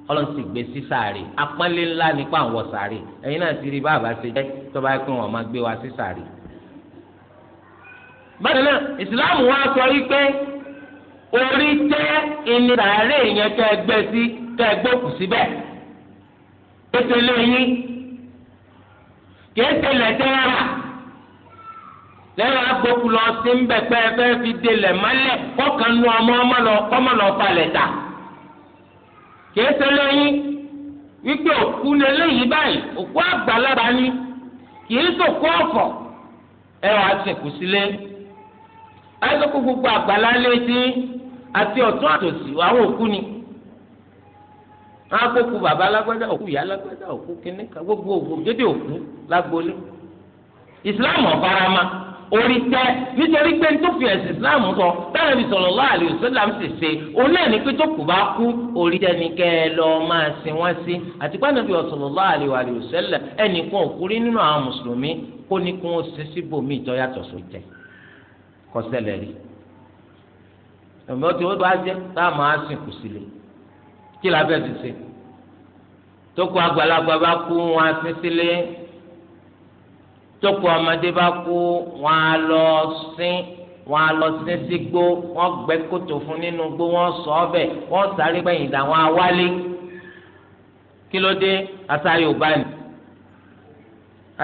ọlọ́run sì gbé sí sàárè apọ́nlé ńlá nípa àwọn sàárè ẹ̀yin náà ti rí bàbá ṣe jẹ́ tó bá pín wọn máa gbé wa sí sàárè. bákan náà ìsìláàmù wa sọ wípé orí tẹ́ ìnira rẹ̀ yẹn tẹ́ gbé sí tẹ́ gbókù síbẹ̀ kéésì lẹ́tẹ́rà lẹ́yìn agbóku lọ sí ń bẹ̀ pé fi de lẹ̀ mọ́lẹ̀ kọ́kàn nu ọmọ ọmọ lọ kọ́mọ lọ kéésì lẹ́yìn wípé òkú ni eléyìí báyìí òkú àgbàlagbà ni kìí sòkú ọ̀fọ̀ ẹ wàá sìnkú sílé ẹ sọ́kú gbogbo àgbàlá létí àti ọ̀tún àtòsí àwọn òkú ni. wọn á gbókù bàbá alágbádá òkú ìyá alágbádá òkú kínní ká gbogbo òkú dédé òkú lágbólé ìsìláàmù ọ̀farama orí tẹ nítorí pé tó fi ẹ̀sìn ìsìláàmù sọ táwọn ibi sọ̀rọ̀ lọ́wọ́ àlè òṣèlám sì ṣe òun náà ní pé tó kù bá kú orí tẹ ní kẹ́ ẹ lọ máa sin wọ́n sí àti pé ànábi ọ̀sọ̀rọ̀ lọ́wọ́ àlè òṣèlè òṣèlè ẹnìkan òkú nínú àwọn mùsùlùmí kó ní kó ṣe síbòmí ìjọyàtọ̀ sójẹ́ kọ́sẹ́lẹ̀ rí ẹ̀mí ọtí ó bá jẹ́ táwọn máa sìn kù sílẹ̀ kí la fẹ́ fi ṣe tókù àgbàlagbà bá kú wọn sin sílé tókù ọmọdé bá kú wọn á lọ sin wọn á lọ sin sí gbó wọn gbẹ́ kòtò fún nínú gbó wọn sọ ọbẹ wọn sáré gbẹ̀yìn dà wọn á wálé kí ló dé àṣà Yorùbá ni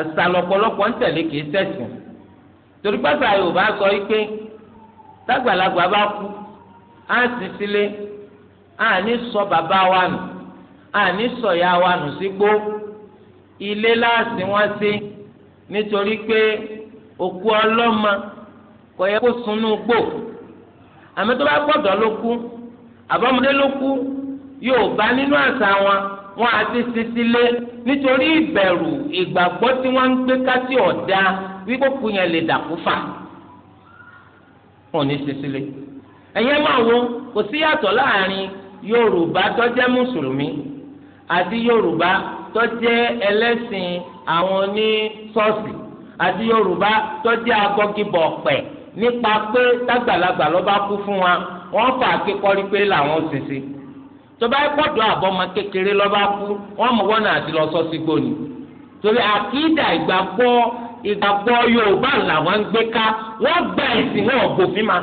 àṣà lọ́pọ̀lọpọ̀ ń tẹ̀lé kì í tẹ̀sìn torí pàṣà Yorùbá sọ yìí pé tágbàlagbà bá kú á sin sílé àní sọ bàbá wa nù àní sọ ìyá wa nù sígbó ilé láàsì wọn sí nítorí pé òkú ọlọ́mọ kò yẹ kó sunú gbò àmì tó bá gbọ́dọ̀ ló kú àbọ̀mọdé ló kú yóò bá nínú àṣà wọn wọn àti sísílé nítorí ìbẹ̀rù ìgbàgbọ́ tí wọ́n ń gbé kásí ọ̀dà wípé kú yẹn lè dàkú fà wọn ò ní sísílé ẹ̀yẹ́ máa wo kò sí yàtọ̀ láàrin yorùbá tó jẹ́ mùsùlùmí àti yorùbá tó jẹ́ ẹlẹ́sìn àwọn oní ṣọ́ọ̀ṣì àti yorùbá tó jẹ́ agọ́gibọ̀ ọ̀pẹ̀ nípa pé tágbàlagbà ló bá kú fún wa wọ́n fà á ké kọ́rí pé làwọn ṣèṣe tó bá gbọ́dọ̀ àbọ̀mọ kékeré ló bá kú wọ́n mọ̀ wọ́n náà ti lọ sọ́ọ́sì gbòòní torí àkídà ìgbàgbọ́ ìgbàgbọ́ yorùbá làwọn ń gbé ká wọ́n gba ẹ̀sìn wọn bòfin máa.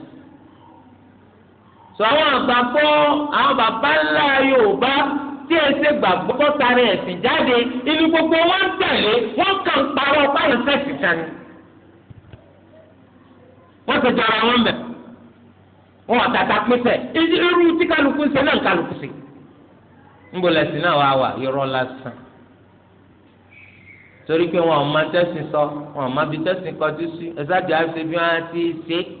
tó àwọn àgbàgbọ́ àwọn bàbá ńlá Yorùbá tí ẹ ṣe gbàgbọ́ kọ́tàrí ẹ̀sìn jáde inú gbogbo wọn tẹ̀lé wọn kàn ń parọ́ báwọn sẹ́ẹ̀sì kan ni. wọ́n ti jọra wọn mẹ́ wọn wà tata pípẹ́ irú tí kálukú ṣe náà kálukú ṣe. níbo lẹ́sìn náà wà wà irọ́ lásán torí pé wọn ò máa tẹ́sìn sọ wọn ò máa bi tẹ́sìn kọjú sí ẹ̀sádìí àṣẹ bí wọ́n á ti ṣe é.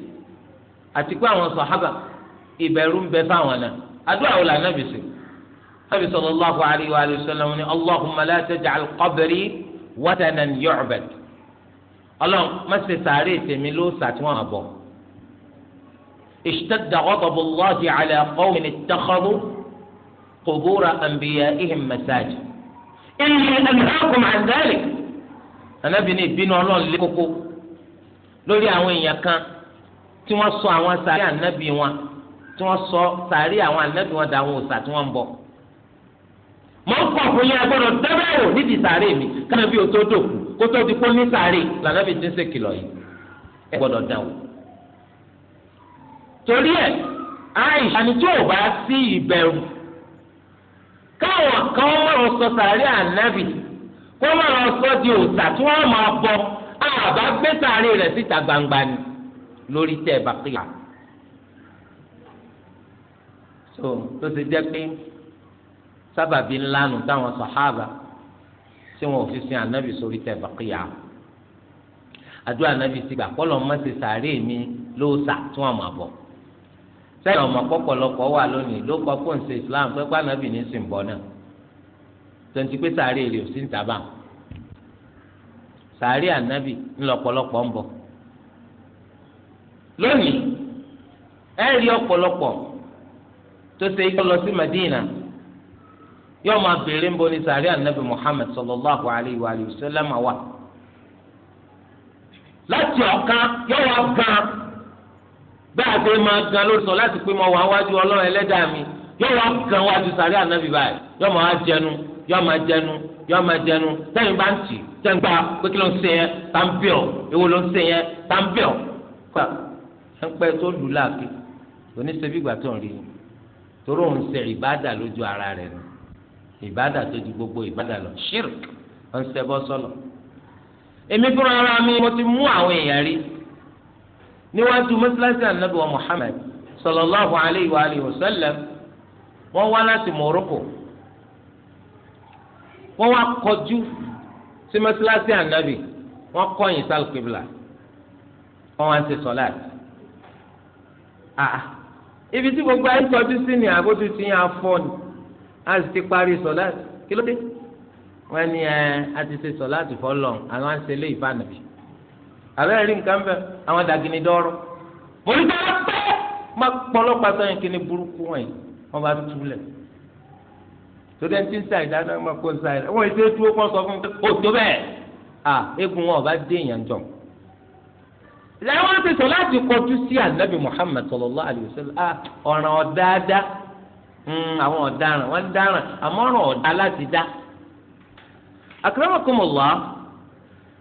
àti pé àwọn sọ̀hábà ìbẹ̀rù ń bẹ fáwọn náà àdúrà wò lànà bìsì nàbì sallallahu alayhi wa sallam ní allahumma la taj'al qabri watanan yu'bad ọlọ́run má ṣe sàárè tèmi ló sàtìwọ́n àbọ̀ ishtadda ghadabullahi ala qawmin ittakhadhu qubura anbiya'ihim masajid inni anhaakum an dhalik anábìíní ìbínú ọlọ́run lé koko tí wọ́n sọ àwọn sàárì ànábì wọn tí wọ́n sọ sàárì àwọn ànábì wọn dàwọn òòsà tí wọ́n ń bọ̀. mọ̀ ń kọ̀ fún yín agbọ́dọ̀ dábẹ́rò nídìí sàárì mi kánábì ò tó dòkú kó tó ti kó ní sàárì lànàbì ti ń ṣe kìlọ̀ yìí ẹ gbọ́dọ̀ dáwọ́. torí ẹ àìsà ni tí ò bá sí ìbẹ̀rù káwọn kan máa sọ sàárì ànábì kó máa sọ di òòsà tí wọ́n máa bọ lórí tẹ bàkìyà so tó ti jẹ pé sábàbí ńlá nù táwọn sàhábà tí wọn ò fi sin ànábì sórí tẹ bàkìyà àdúrà ànábì ti gbà kọlọ mọ ti sàárè mi ló sà tún àmọ àbọ sẹyìn ọmọ pọpọlọpọ wà lónìí ló kọ fóun ṣe islam pẹpẹ ànábì ní sìnbọ náà tonti pé sàárè rè ò sí ní tàbá sàárè ànábì ńlọpọlọpọ ń bọ. lónìí ẹ rí ọ̀pọ̀lọpọ̀ tó ṣe ikọ́ lọ sí Madina yóò máa béèrè ń bọ̀ ní sàárì sallallahu alayhi wa sallam wa láti ọ̀kan yóò wá gan bá a máa gan ló sọ láti pé mo wà wájú ọlọ́run mi yóò wá gan wájú anabi báyìí yóò máa jẹnu yóò máa jẹnu yóò máa jẹnu sẹ́yìn bá ń tì sẹ́yìn gbà pé kí ló ń ẹ ń pẹ́ tó lù láàbì oníṣẹ́bí ìgbà tó ń rí i torí òun ṣe ìbádà lójú ara rẹ̀ ni ìbádà tó ju gbogbo ìbádà lọ ṣírk ó ń ṣẹbọ sọlọ. èmi fúnra ara mi mo ti mú àwọn èèyàn rí níwájú mọ́sálásí ànábì wa Muhammad sallallahu alayhi wa alihi wa wọ́n wá láti Morocco wọ́n wá kọjú sí mọ́sálásí ànábì wọ́n kọ̀yìn sálùkìbìlà wọ́n wá ń ṣe sọ́láàtì. Ah, ibi tí gbogbo ayé tọ́jú sí ni àbójú ti yàn afọ ni a sì ti parí sọ̀láàtì kí ló dé wọ́n ní ẹ a ti ṣe sọ̀láàtì fọlọ́ àwọn à ń ṣe léyìí fànàbí àbẹ́rẹ́ rí nǹkan bẹ́ẹ̀ àwọn dàgìní dọ́rọ́ mo ní sọ́wọ́ pẹ́ má pọ́lọ́pàá sọ́yìn kí ni burúkú wọ̀nyí wọ́n bá túlẹ̀ torí ẹni tí ń sa ìdáná máa kó ń sa ìdáná wọn ètò ètò ó kọ́ sọ fún mi pé òtó bẹ́ẹ̀ à ah, eégún wọn ọba dé èèyàn jọ làwọn ti sọ láti kọjú sí anabi muhammed sallallahu alayhi wa ọ̀ràn ọ̀dáadá hmm, àwọn ọ̀daràn wọ́n dáràn àmọ́ ọ̀ràn ọ̀dá láti dá. akramakumullah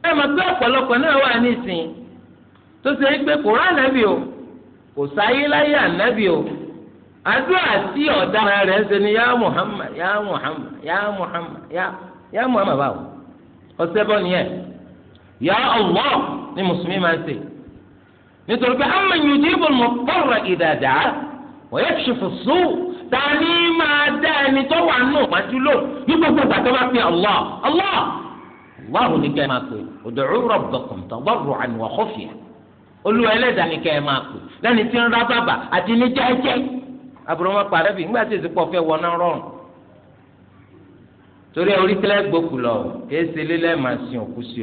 ẹ máa gbé ọ̀pọ̀lọpọ̀ náà wà nísìnyí tó ṣe é gbé kò rá ànábì o kò sáyé láyé ànábì o àdúrà sí ọ̀daràn rẹ̀ yá muhammad yá muhammad yá muhammad yá báwo ọ̀sẹ̀ bọ́ yá ni mùsùlùmí máa ń nítorí pé àmà yìí ojú ìbò mọ̀ tọ̀rọ̀ ìdàdà wọ́n yẹ ṣe fòṣù tani máa dá ẹni tó wà nù pàtó lò ní gbogbo ìgbà tó bá fi Allah Allah Allah ní kẹ́ ẹ máa pè ud'u rabbakum tadarru'an wa khufya olúwa ẹlẹ́dàá ní kẹ́ ẹ máa pè lẹ́ni tí ń ra bàbà àti ní jẹ́jẹ́ àbúrò wọn pàrẹ́ bì ńgbà tí èsì pọ̀ fẹ́ wọná rọrùn torí orí kílẹ̀ gbókù lọ lílẹ̀ máa sin òkú sí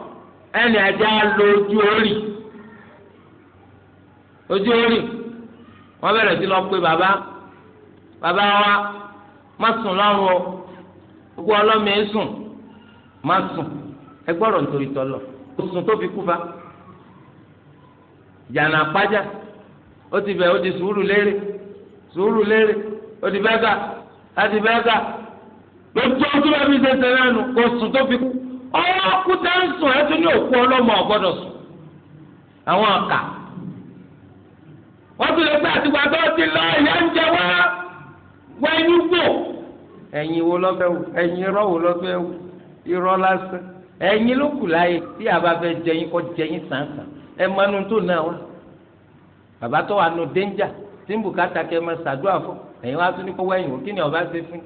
ẹnì ajá lo ojú orí ojú orí wọn bẹ̀rẹ̀ sí lọ pé bàbá wa má sùn lọ́rùn o gbogbo ọlọ́mọ ẹ̀ sùn má sùn ẹ gbọ́dọ̀ nítorí tọ́lọ̀ o sùn tó fi kú fa jàǹdà pàjá ó ti bẹ̀ ó di sùúrù lérè sùúrù ó di bẹ́gà láti ẹbí ṣe fi kú. ọwọ́ akúta ń sùn ẹ tún ní òkú ọlọ́mọ ọ̀gbọ́dọ̀ sùn àwọn ọ̀kà wọ́n tún lè pẹ́ àtìgbà tó ti lọ ìyá ń jẹ wá wẹ́yìn wò ẹ̀yìn wo lọ́fẹ́ wò ẹ̀yìn irọ́ wo lọ́fẹ́ wò irọ́ lásán ẹ̀yìn ló kù láàyè tí àbá fẹ́ jẹyìn kọ́ jẹyìn sàǹsàn ẹ mọ́nu tó náà wá bàbá tó wà nù dénjà tí ń bùkátà kẹ́ máa ṣàdúrà fún ẹ̀yìn wá tún ní kó wẹ́yìn wò kí ni ọba ṣe fún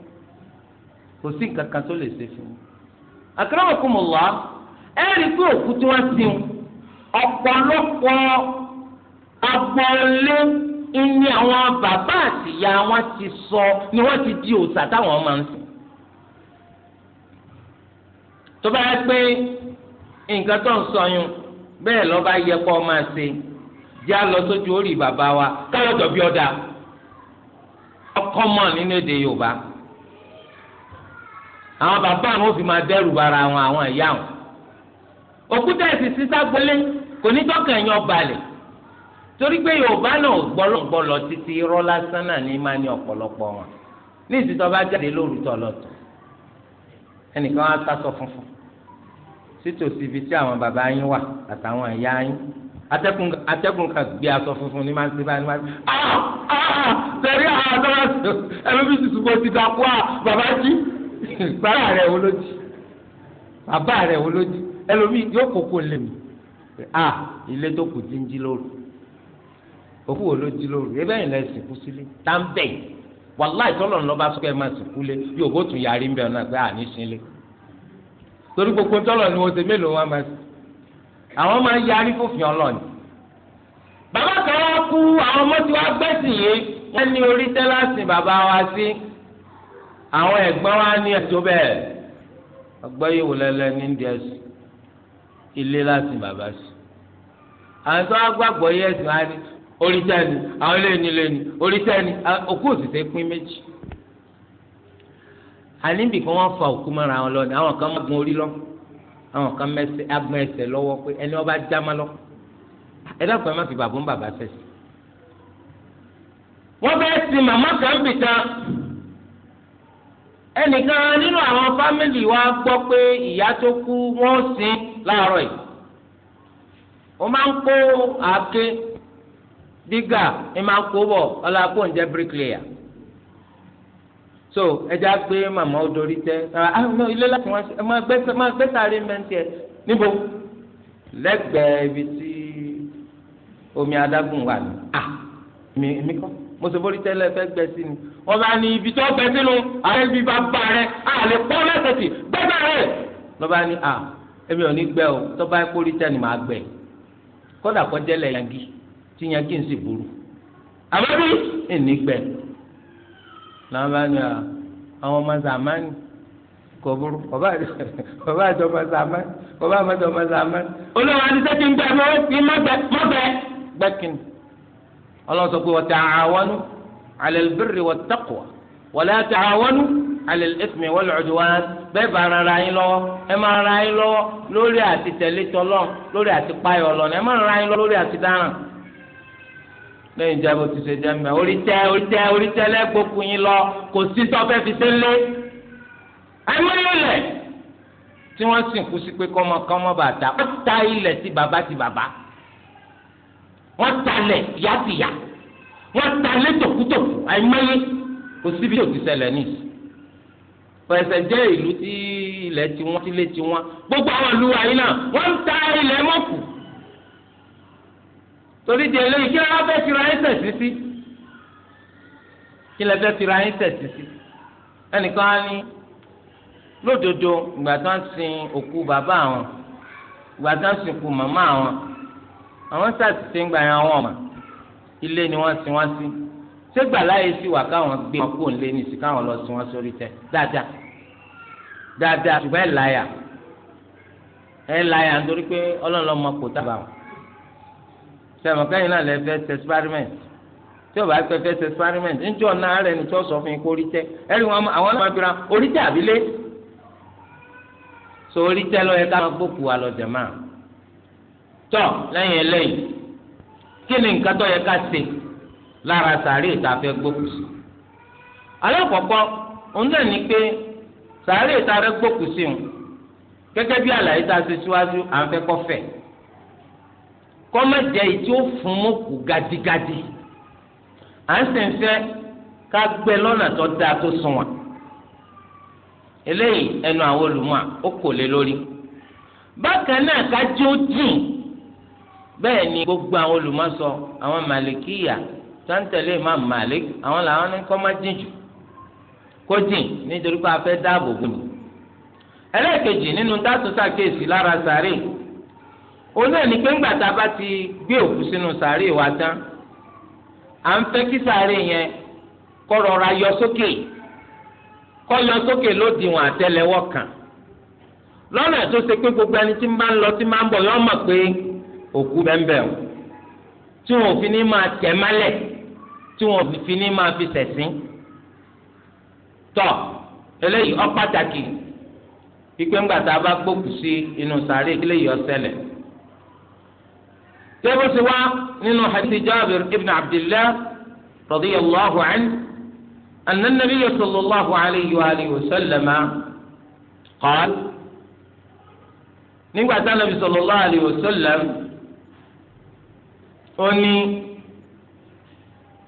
kò sí nǹkan kan tó lè ṣe fún yín akramakumullah ẹ rí i pé òkú tí wọ́n sin ọ̀pọ̀lọpọ̀ agboolé ìní àwọn bàbá àtìyá wọn ti sọ ni wọ́n ti di òòṣà táwọn máa ń sìn. tó bá yẹ pé nǹkan tó ń sọ yún bẹ́ẹ̀ lọ́ba yẹ kó máa ṣe já lọ sójú orí bàbá wa káyọ̀dọ̀ bí ọ̀dà ọkọ̀ mọ̀ nínú èdè Yorùbá àwọn bàbá àwọn òfin máa dẹ́rù bara àwọn àwọn ìyá àwọn òkúta ẹ̀sìn sísá gbélé kò ní tọ́kàn ẹ̀yàn balẹ̀ torí pé yorùbá náà gbọ́lọ̀gbọ́lọ̀ títí irọ́ lásán náà ní máa ní ọ̀pọ̀lọpọ̀ wọn ní ìsìtọ́ bá jáde lóòrùtọ́ lọ́tọ̀ ẹnìkan á sásọ funfun sítòsí ibi tí àwọn bàbá yín wà àtàwọn ìyá yín atẹ́kùn atẹ́kùn kan gbé aṣọ funfun ní máa ń sèbá ní máa ń sèbá. Ah, ah, ah, tẹ̀lé àwọn àdọ́rà ẹ̀rọ bí tuntun bó ti dàkú à bàbá jí bàbá rẹ̀ wo ló jì bàbá rẹ̀ wo ló jì ẹlòmíì yóò kókó lè mi a ilé tó kù ti ń jí lóru òkú wo ló jí lóru ebe yìí lẹ́sìn kú sílé tá ń bẹ̀ yìí wàláì tọ́lọ̀ ńlọ bá sọ́kẹ́ máa sìnkú lé yóò bó tún yarí ń bẹ̀ náà pé àní sílé torí gbogbo tọ́lọ̀ ni wọ́n ti mélòó wọn máa sìn àwọn máa yarí fòfin ọlọ́ọ̀ni bàbá kan wá kú àwọn ọmọ tí wọ́n gbẹ́sìn yìí wọ́n ní orí tẹ́lá sìn bàbá wa sí àwọn ẹ̀gbọ́n wa ní ẹ̀tọ́ bẹ́ẹ̀ ọgbọ́n yìí wò lẹ́lẹ́ ní ndí ẹ̀sìn ilé láti bàbá sí àwọn tó wá gbàgbọ́ yẹ ẹ̀sìn wa ní orí tẹ́ni àwọn eléyìí lẹ́ni orí tẹ́ni òkú òsìsẹ́ pín méjì àníbì kan wọ́n fa òkú mọ́ra wọn lọ́nà àwọn kan gun orí lọ àwọn kan mẹsẹ̀ ẹsẹ̀ lọ́wọ́ pé ẹni wọ́n bá já má lọ ẹ dákun ẹ má fi bàbá ń bàbá sẹ̀sì wọ́n fẹ́ẹ́ sin màmá kan bìtán ẹnìkan nínú àwọn fámìlì wa gbọ́ pé ìyá tó kú wọ́n sin láàárọ̀ yìí wọ́n máa ń kó àáké dígà ẹ máa ń kó bọ̀ ọlá ń jẹ́ bíríkìlìyà so ẹja pé màmá ó dorí tẹ ilé láti wọn ẹ máa gbé sáré mẹ́ntì ẹ níbo lẹ́gbẹ̀ẹ́ ibi tí omi adágún wà ní à ah, èmi kọ́ mọ̀sọ̀bọ̀lì tẹ́lẹ̀ fẹ́ gbẹ sí ni ọba ni ibi tó gbẹ sínú ààrẹ ibi bàbá rẹ àlẹ pọ́ lẹ́sẹ̀tì gbẹ́gbẹ́ rẹ lọ́ba ni à èmi ò ní gbẹ o tọ́ba ẹ̀ kórìí tẹ́ ni màá gbẹ kọ́dà kọ́jẹ́lẹ̀ yangi tí yangi ń sì burú àmọ́ bí ìní gbẹ lọ́ba ni à àwọn ọmọ sàmánì kò burú ọba àti ọmọ sàmánì ọba àti ọmọ sàmánì olówó àti sẹ́kì ń gbẹ mọ́ gbẹ gbẹ́kìnì ọlọ́run sọ pé wa ta'awanu 'ala al-birri wat-taqwa wa la ta'awanu 'ala al-ithmi wal-'udwan bẹ́ẹ̀ bá ara yín lọ́wọ́ ẹ máa ra yín lọ́wọ́ lórí àti tẹ̀lé tọ́lọ́n lórí àti páyọ̀ ọlọ́run ẹ máa ra yín lọ́wọ́ lórí àti dáràn lẹ́yìn ìjà bó ti ṣe jẹ́ mẹ́ orí tẹ́ orí tẹ́ orí tẹ́ lẹ́gbọ̀kùn yín lọ kò sí sọ́fẹ́ fi sí lé àìmọ́lẹ̀ tí wọ́n sìnkú sí pé kọ́mọ kọ́mọ bàtà ó ta ilẹ̀ ti bàbá ti bàbá wọ́n talẹ̀ yáfìyà wọ́n talẹ̀ tòkútòkù àìmọye kò síbi tó ti ṣẹlẹ̀ ní ìsìn pẹ̀sẹ̀ jẹ́ ìlú tí ilẹ̀ ti wọ́n tílé ti wọ́n gbogbo àwọn ìlú wa yìí náà wọ́n ń ta ilẹ̀ mọ́kù torí di eléyìí kí lọ́wọ́ fẹ́ tira ẹ̀ tẹ̀sí sí kí lọ́wọ́ fẹ́ tira ẹ̀ tẹ̀sí ẹnìkan á ní lódodo ìgbà tí wọ́n sin òkú bàbá àwọn ìgbà tí wọ́n sin òkú màmá àwọn àwọn sàtìsẹ́ ń gba ẹran wọn mà ilé ni wọ́n sin wọ́n sí ṣé gbàláyé sì wà káwọn gbé wọn kó lé nìsí káwọn lọ sin wọn sórí tẹ dáadáa dáadáa ṣùgbọ́n ẹ̀ láyà ẹ̀ láyà nítorí pé ọlọ́run lọ́mọ kò tábà wọn sẹ́wọ̀n kẹ́yìn náà lè fẹ́ experiment tí o bá fẹ́ fẹ́ experiment níjọ́ náà rẹ̀ ní tí wọ́n sọ fún yín pé orí tẹ ẹ̀rí wọn àwọn náà máa fi ra orí tẹ àbílẹ̀ so orí tẹ lọ́yẹ ká máa gbókùú alọ́jàmáà tọ́ lẹ́yìn eléyìí kí ni nǹkan tó yẹ ká ṣe lára sàárè ìtafẹ́ gbókùsì alákọ̀ọ́kọ́ òun náà ní pé sàárè ìtafẹ́ gbókùsì ń gẹ́gẹ́ bí àlàyé tá a ṣe síwájú à ń fẹ́ kọ́ fẹ̀ kọ́mẹ́jẹ́ yìí tí ó fún mọ́kù gadigadi à ń sì ń fẹ́ ká gbẹ lọ́nà tó dáa tó sunwọ̀n eléyìí ẹnu àwọn olùmọ̀ ó kò lé lórí bákan náà ká jó jìn bẹ́ẹ̀ ni gbogbo àwọn olùmọ̀sọ àwọn màlìkíyà táǹtẹ̀lé imam malik àwọn làwọn ní kọ́ má dín jù kó dín nítorí pé a fẹ́ dáàbò bò ní. ẹlẹ́ẹ̀kejì nínú dátún sàkéèsì lára sàárè òun náà ní pé ńgbà tá a bá ti gbé òkú sínú sàárè wa tán à ń fẹ́ kí sàárè yẹn kó rọra yọ sókè kó yọ sókè lódiwọ̀n àtẹ́lẹwọ́ kan lọ́nà tó ṣe pé gbogbo ẹni tí ń bá ń lọ tí máa ń bọ̀ yọ ọ́ mọ̀ pé òkú bẹ́ńbẹ́ o tí wọn fi ní máa tẹ̀ mọ́lẹ̀ tí wọn fi ní máa fi sẹ̀sìn tọ́ eléyìí ó pàtàkì pípẹ́ ńgbà tá a bá gbókù sí inú sàárè eléyìí ó ṣẹlẹ̀ tẹ́bù sí wa nínú hadith Jabir ibn Abdillah radiyallahu anhu anna nabiyya sallallahu alayhi wa alihi wa sallama qaal nígbà tá a nàbì sallallahu alayhi wa sallam ó ní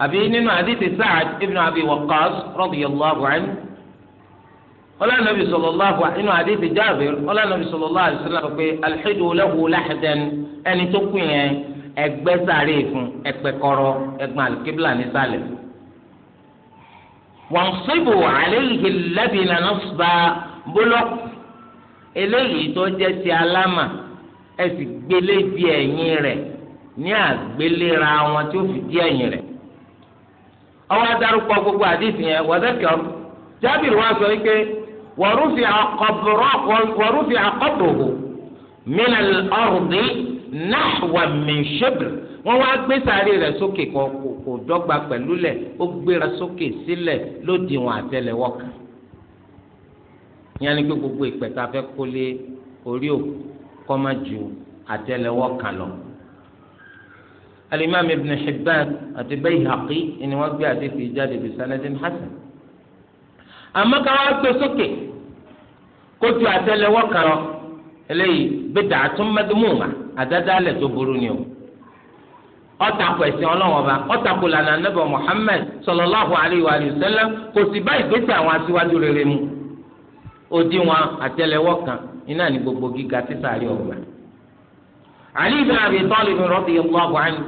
àbí nínú àdìsí Sa'ad ibn Abi Waqqas radiyallahu anhu ọlọ́nàbí sallallahu nínú àdìsí Jabir ọlọ́nàbí sallallahu alaihi wasallam pé alḥidu lahu lahdan ẹni tó kù yẹn ẹgbẹ́ sáré fún ẹgbẹ́kọ́rọ́ ẹgbẹ́ alikibla nísàlẹ̀ wọn síbò àléyìí lẹ́bìnà nọ́ọ̀sùbà bólọ́kù eléyìí tó jẹ́ ti aláma ẹ sì gbélé di ẹ̀yìn rẹ̀ ní àgbélera wọn tí ó fi dí ẹ̀yìn rẹ̀ ọwọ́ adarúkọ gbogbo àdìsí yẹn wọ́dẹ́kẹ́ ọ́ jábìrì wa sọ wípé wọ́rùfì àkọ́bùrò mílẹ̀ ọ̀rùndì náà wà mí ṣébìrì wá gbé sáré rẹ̀ sókè kò kò dọ́gba pẹ̀lú lẹ̀ ó gbéra sókè sílẹ̀ lódiwọ̀n àtẹ́lẹwọ́ kan pé gbogbo ìpẹ̀tà kólé orí òkú kọ́ má lọ alimami ibn hibban àti bayhaqi ni wọ́n gbé àdéhùn ìjáde bi sanadin hasan àmọ́ ká wá gbé sókè kó ju àtẹ́lẹwọ́ kan lọ eléyìí bid'a tún madmuma àdádálẹ̀ tó burú ni o ọtakọ ẹ̀sìn Ọlọ́run ọba ọtakọ lànà nẹbọ Muhammad sallallahu alayhi wa sallam kò sì bá ìgbésẹ̀ àwọn aṣíwájú rere mu òdiwọn àtẹ́lẹwọ́ kan iná ní gbogbo gíga títà rí ọgbà. علي بن أبي طالب رضي الله عنه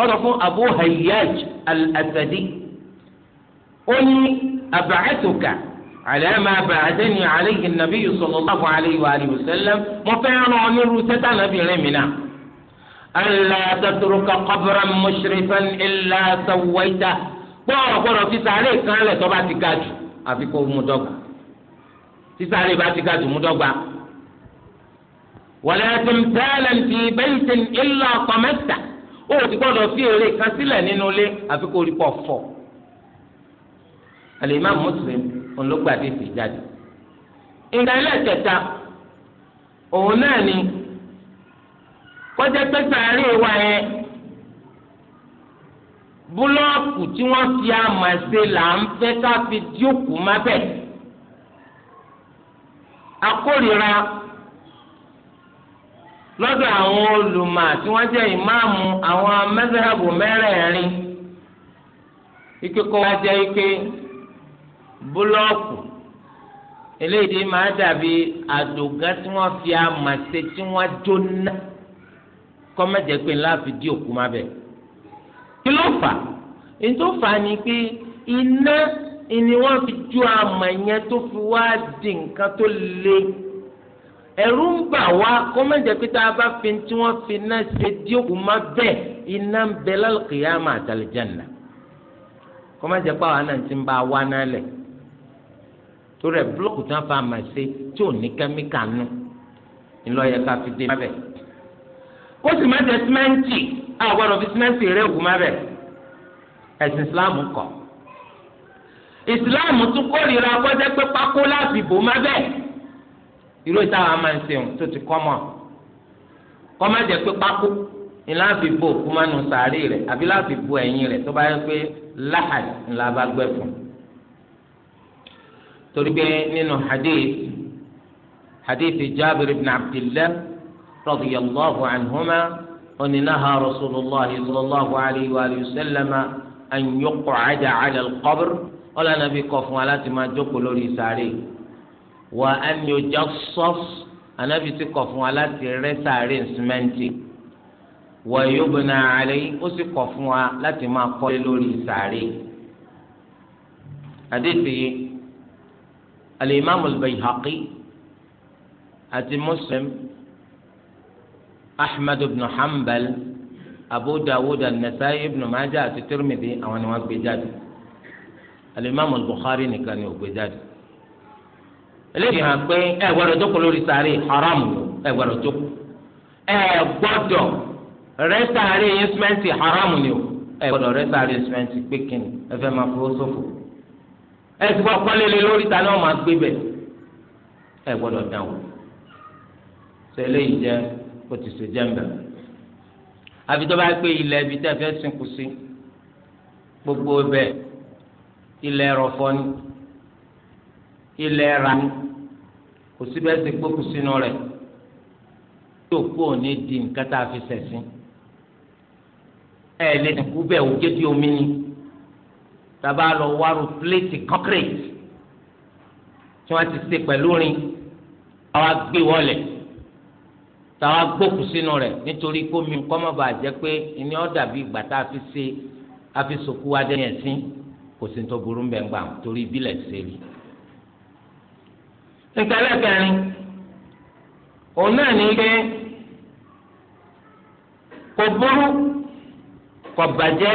أرفع أبو هياج الأسدي قل أبعثك على ما بعثني عليه النبي صلى الله عليه وآله وسلم وفعل عن الرسالة نبي رمنا ألا تترك قبرا مشرفا إلا سويته gbọ́dọ̀ gbọ́dọ̀ sísá alẹ́ kan lẹ̀ tó bá ti ga jù àfi kó wala timtalan fi baytin illa tamatta ó ti gbọ́dọ̀ fi èrè kan sílẹ̀ nínú ilé àfi kó rí pọ̀ fọ̀. al-Imam Muslim olùgbàdì ti jáde. ìgbà ẹlẹ́kẹta òun náà ni kọjá pé sàárè wa yẹn búlọ́ọ̀kù tí wọ́n fi àmà ṣe là ń fẹ́ ká fi díòkù má bẹ̀. akórira lọ́dọ̀ àwọn olùmọ̀ tí wọ́n jẹ́ ìmáàmù àwọn mẹ́sàbù mẹ́rẹ̀ẹ̀rin ike kó wá jẹ́ ike búlọ́ọ̀kù eléyìí máa dàbí àdògán tí wọ́n fi àmàṣe tí wọ́n jóná kọ́mẹ́jẹ́ pé ńlá fi dí òkú má bẹ̀. kí ló fà ètò ni pé iná ni wọ́n fi ju àmọ̀ yẹn tó fi wá di nǹkan tó le ẹ̀rù ń bà wá kó má jẹ́ pé tá a bá fi tí wọ́n fi náà ṣe díòkù má bẹ́ẹ̀ iná ń bẹ lálùkìyàmà àtàlìjànà kó má jẹ́ pé àwọn náà ti ń bá a wá náà lẹ̀ torí ẹ̀ búlọ́ọ̀kù tí wọ́n fa àmà ṣe tí ò ní kẹ́míkà nù ńlọ yẹ ká fi dé má bẹ́ẹ̀ kó sì má jẹ́ símẹ́ǹtì àwọn gbọ́dọ̀ símẹ́ǹtì rẹ̀ òkú má bẹ́ẹ̀ ẹ̀sìn Islam kọ̀ Islam tún kórìíra kọjá pé pákó láàbì má bẹ́ẹ̀ irú ìtawà máa ń sèwọn tó ti kọ́mọ̀ kọ́mọ̀ jẹ́ pé pákó ni láàfin bo òkú máa nù sàárì rẹ̀ àbí láàfin bo ẹ̀yìn rẹ̀ tó bá yẹ pé láhàd ńlá bá gbẹ fún torí pé nínú hadith hadith Jabir ibn Abdillah radiyallahu anhuma oninaha rasulillah sallallahu alayhi wa sallam an yuq'ada ala al-qabr ọlọ́nà bí kọ̀ fún wa máa jókòó lórí sàárì wà á ní ọjà sọ́ọ̀sì anábì ti kọ̀ fún wa láti rẹ́ sáré símẹ́ǹtì wà yóò bẹ̀ náà àlẹ́ ó sì kọ̀ fún wa láti máa kọ́lé lórí sáré. àdéhìí alimami albayhaqi àti muslim ahmed ibn hanbal abu dawud an ibn majah àti tirmidhi àwọn ni wọ́n gbé jáde alimami albukhari nìkan ni ó gbé jáde eléyìí hàn pé ẹ gbọ́dọ̀ jókòó lórí sàárè haram ẹ gbọ́dọ̀ jókòó ẹ gbọ́dọ̀ rẹ sàárè instrumenti haram ni o ẹ gbọ́dọ̀ rẹ sàárè instrumenti pé kíni ẹ fẹ́ máa fowó ṣòfò ẹ ti bọ kọ́lélẹ̀ lórí ta ni wọ́n máa gbé bẹ̀ ẹ gbọ́dọ̀ dán o sọ eléyìí jẹ́ kó ti ṣe jẹ́ mbẹ́ àfi tó bá gbé ilẹ̀ ibi tẹ́ fẹ́ sìnkú sí gbogbo bẹ́ẹ̀ ilẹ̀ ẹ̀rọ̀fọ́ ni ilẹ̀ ra kò síbẹ̀ ti gbókù sínú rẹ̀ tí òkú òní di nǹkan tá a fi sẹ̀sìn ẹ̀ lè sìnkú bẹ́ẹ̀ wò jẹ́ ti omi ni tàbá lọ wárò pléètì kọ́kírètì tí wọ́n ti ṣe pẹ̀lú rin táwa gbé wọlé táwa gbókù sínú rẹ̀ nítorí kómi kọ́mọ́bà jẹ́ pé ìní ọ̀dà bíi ìgbà tá a fi ṣe a fi sòkú adẹ́yẹ̀sìn kò sí ní tó burú bẹ́ẹ̀ gbà torí ìbílẹ̀ ṣe rí nǹkan ẹlẹ́kẹrin òun náà ní pé kò burú kò bàjẹ́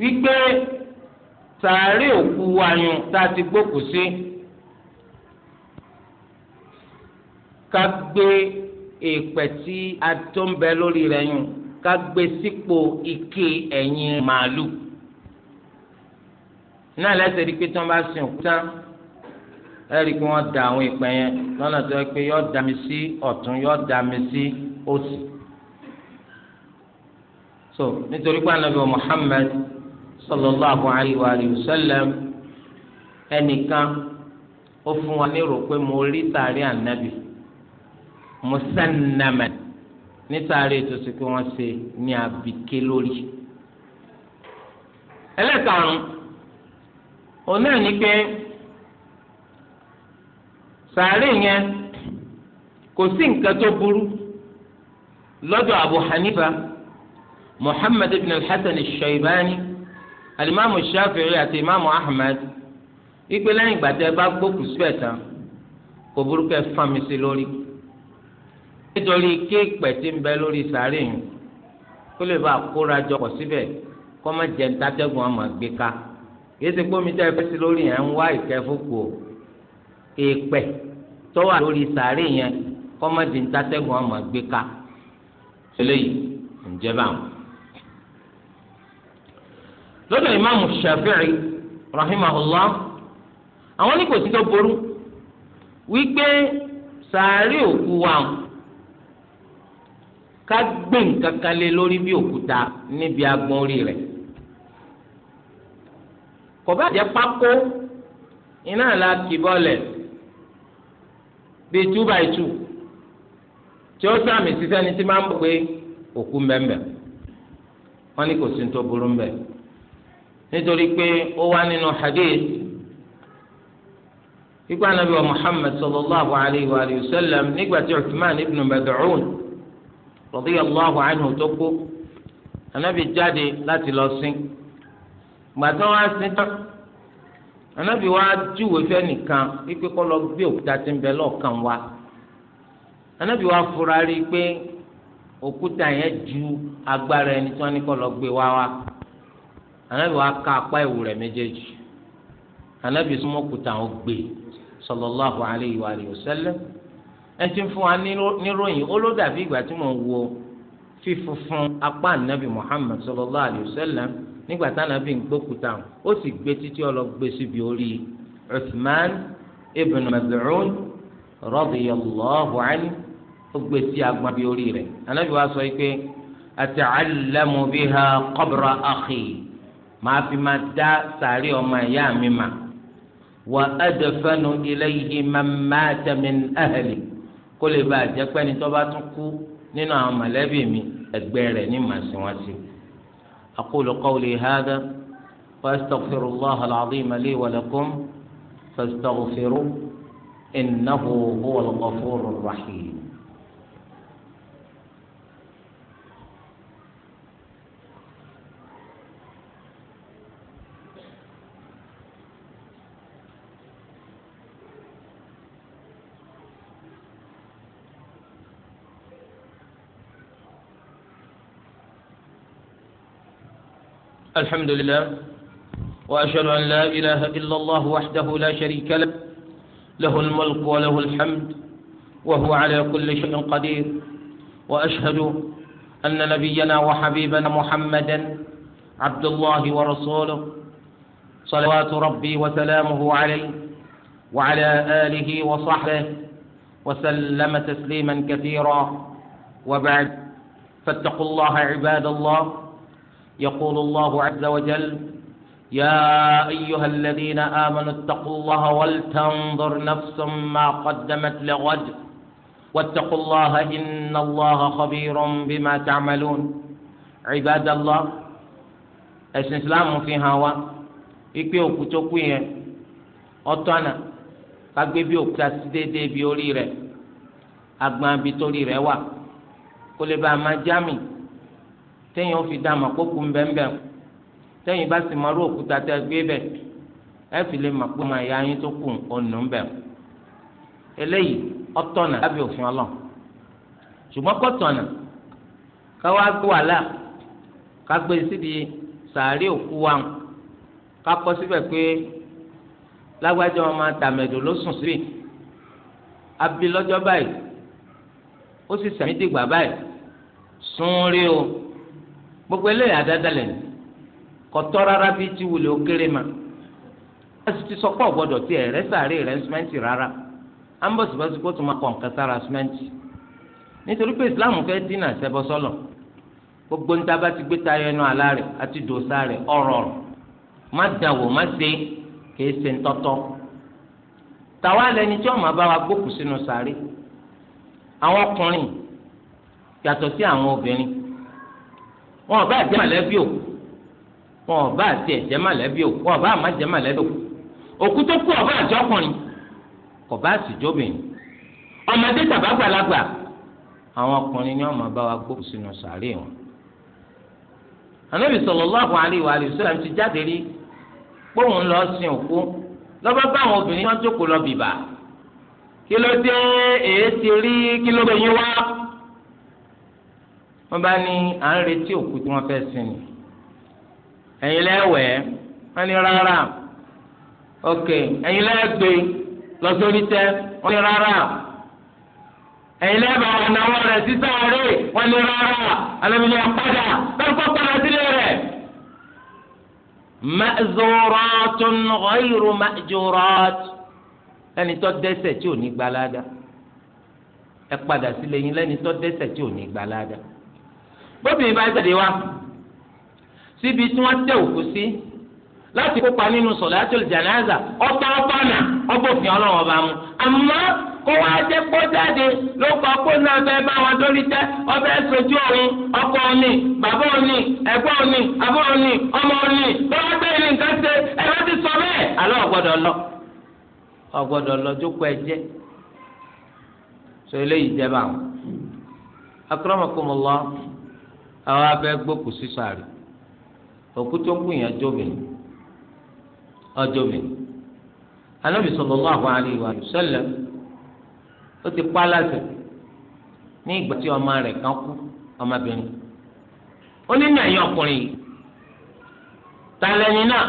wípé sàárè òkú wayun tá a ti gbókù sí ká gbé èèpẹ̀ tí a tó ń bẹ lórí rẹ̀ yùn ká gbé sípò ike ẹ̀yìn màálù náà lẹ́sẹ̀ rí pé tí wọ́n bá sin òkú tán ẹ̀rí kí wọ́n da àwọn ìpẹ́ yẹn lọ́nà tó yẹ pé yọ da mi sí ọ̀tún yọ da mi sí òsì. so nítorí pé anabi Muhammad sallallahu alayhi wa sallam ẹnìkan ó fún wa ní rò pé mo rí sàárẹ̀ anabi musannaman ní sàárẹ̀ tó ṣe pé wọ́n ṣe ní abike lórí. ẹlẹ́karùn-ún òun náà ní pé. sàárè yẹn kò sí nǹkan tó burú lọ́dọ̀ Abu Hanifa Muhammad ibn hasan al alimami Shafi'i àti Ahmad ìpè lẹ́yìn ìgbà tẹ́ bá gbókùn síbẹ̀ tán kò burú kẹ́ lori sí lórí nítorí kéèpẹ̀ tí ń bẹ lórí sàárè yìí kó lè bá kóra jọ pọ̀ síbẹ̀ ọmọ èèpẹ̀ tó wà lórí sàárè yẹn kọ́mọ́dé ń tàtẹ́gùn ọmọ gbé ká eléyìí ǹjẹ́ bá wọn. lọ́dọ̀ ìmáàmù Shafi'i rahimahullah àwọn tó ború wípé sàárè òkú wa ká gbé nǹkan lé lórí bí òkúta níbi orí rẹ̀ bíi two by two tí ó sàmì sí sẹ́ni tí máa ń pè òkú mbẹ́mbẹ́ wọ́n ní kò sí tó burú mbẹ́ nítorí pé ó wá nínú hadith ikú anabi wa muhammad sallallahu alayhi wa sallam nígbà tí uthman ibn mad'un radiyallahu anhu tó kú anabi jáde láti lọ sin gbàtọ́ wá sin tán. anabi wa júwe fẹ́nìkan ikpe kọlọ gbé òkúta tí ń bẹ lọ́kàn wa anabi wa fura pé òkúta yẹn ju agbára ẹni tí wọ́n ní kọlọ gbé wa wa anabi wa ka akpa ìwù rẹ̀ méjèèjì anabi súnmọ́ òkúta wọn gbé sallallahu alayhi wa alihi wa sallam ẹ ti fún wa níròyìn ó ló dàbí ìgbà tí mo wo fífunfun apá anabi muhammad sallallahu alayhi wa sallam. nígbà tánàbí ń gbókùtà ó sì gbé títí ọlọgbé síbi orí Uthman ibn Maz'un radiyallahu anhu ó gbé sí agbọn bíi orí rẹ̀ anábì wa sọ pé ata'allamu biha qabra akhi màá fi máa dá sàárì ọmọ ìyá mi mà wa adfanu ilayhi man mata min ahli kó lè bàa jẹ́ pẹ́ni tó bá tún kú nínú àwọn mọ̀lẹ́bí mi ẹgbẹ́ rẹ̀ ní màsíwọ́sí. أقول قولي هذا وأستغفر الله العظيم لي ولكم فاستغفروه إنه هو الغفور الرحيم الحمد لله وأشهد أن لا إله إلا الله وحده لا شريك له له الملك وله الحمد وهو على كل شيء قدير وأشهد أن نبينا وحبيبنا محمدا عبد الله ورسوله صلوات ربي وسلامه عليه وعلى آله وصحبه وسلم تسليما كثيرا وبعد فاتقوا الله عباد الله يقول الله عز وجل يا أيها الذين آمنوا اتقوا الله ولتنظر نفس ما قدمت لغد واتقوا الله إن الله خبير بما تعملون عباد الله ẹ̀sìn islam fi ikpe òkú tó kú yẹn ọtọ́nà kagbé bí òkúta sí déédéé bí orí rẹ̀ agbọ̀n bí torí rẹ̀ wà kó lè bá a máa jámì tẹ́yìn ó fi dá mọ̀ kó kú bẹ́ẹ̀nbẹ́ tẹ́yìn bá sì mọ̀rú òkúta tẹ́ gbé bẹ̀ ẹ fi lè mọ̀ pé màá ya yín tó kù ònù bẹ̀ eléyìí ọ̀tọ̀nà lábẹ́ òfin ọlọ́ ṣùgbọ́n kọ́tọ̀nà káwá gbé wàhálà ká gbé sídìí sàárè òkú wa ká kọ́ síbẹ̀ pé lágbájá ọmọ tàmẹ̀dò ló sùn síbì abilọ́jọ́ báyìí ó sì sàmídìgbà báyìí sùn rí o. gbogbo eléyìí adada lẹ́nu kọtọ rárá bí tí wulẹ ma ẹsì ti sọpọ gbọdọ tí ẹ rẹ sàárè rẹ sìmẹǹtì rárá ambọsibọsi kó tó máa kọ nǹkan sára nítorí pé islam dínà sọlọ gbogbo níta bá ti gbé tayọ ẹnu àlá rẹ àti dòsa rẹ ọrọ rẹ má dàwọ má ṣe ńtọtọ tàwa lẹni tí ọmọ bá wa àwọn ọkùnrin wọn ọba àjẹ mọ̀lẹ́bí òkú wọn ọba àti ẹ̀jẹ̀ mọ̀lẹ́bí òkú wọn ọba àmàjẹ mọ̀lẹ́bí òkú òkú tó kú ọba àjẹ ọkùnrin ọba àtijọ́bìnrin ọmọdé tàbágbàlagbà àwọn ọkùnrin ni wọn máa bá wa gbókù sínú sàárè wọn. Ànábì sallallahu alaihi wa alihi wasallam ti jáde rí kpóhùn lọ sin òkú lọ́ba bá àwọn obìnrin wọn jókòó lọ bìbà kí ló dé èé ti rí kí ló bẹ yín wá wọ́n bá ní à ń retí òkú tí wọ́n fẹ́ sin ni ẹ̀yin lẹ́wẹ̀ẹ́ wọ́n ní rárá ok ẹ̀yin lẹ́gbẹ́ lọ sórí tẹ́ wọ́n ní rárá ẹ̀yin lẹ́bà ọ̀nàwọ́ rẹ̀ sísá rẹ̀ wọ́n ní rárá alẹ́mìíràn padà lọ́kọ́ padà sílé rẹ̀. ma'zuratun ghayru ma'jurat ẹni tó dẹ́ṣẹ̀ tí ò ní gbalada ẹ padà sílé yín lẹ́ni tó dẹ́ṣẹ̀ tí ò ní gbalada. bóbìnrin bá jáde wá síbi tí wọ́n òkú sí láti kópa nínú mu àmọ́ kó wá kó jáde ló kọ́ kó náà fẹ́ bá wọn dórí tẹ́ ọbẹ̀ sojú òun ọkọ òní bàbá òní ẹ̀gbọ́n òní àbọ̀ òní ọmọ òní bọ́lá pé ní nǹkan ṣe ẹ̀rọ ti sọ bẹ́ẹ̀ àlọ́ ọ̀gbọ́dọ̀ lọ ọ̀gbọ́dọ̀ lọ jókòó sọ eléyìí jẹ́ bá wọn. àwọn abẹ́ gbókù sísàrì òkú tó kù yẹn jóbìnrin ọjọ́bìnrin anábì sallallahu alaihi wa sallam ó ti pa láṣẹ ní ìgbà tí ọmọ rẹ̀ kan kú ọmọbìnrin ó ní ní ẹ̀yìn ọkùnrin yìí ta lẹ́ni náà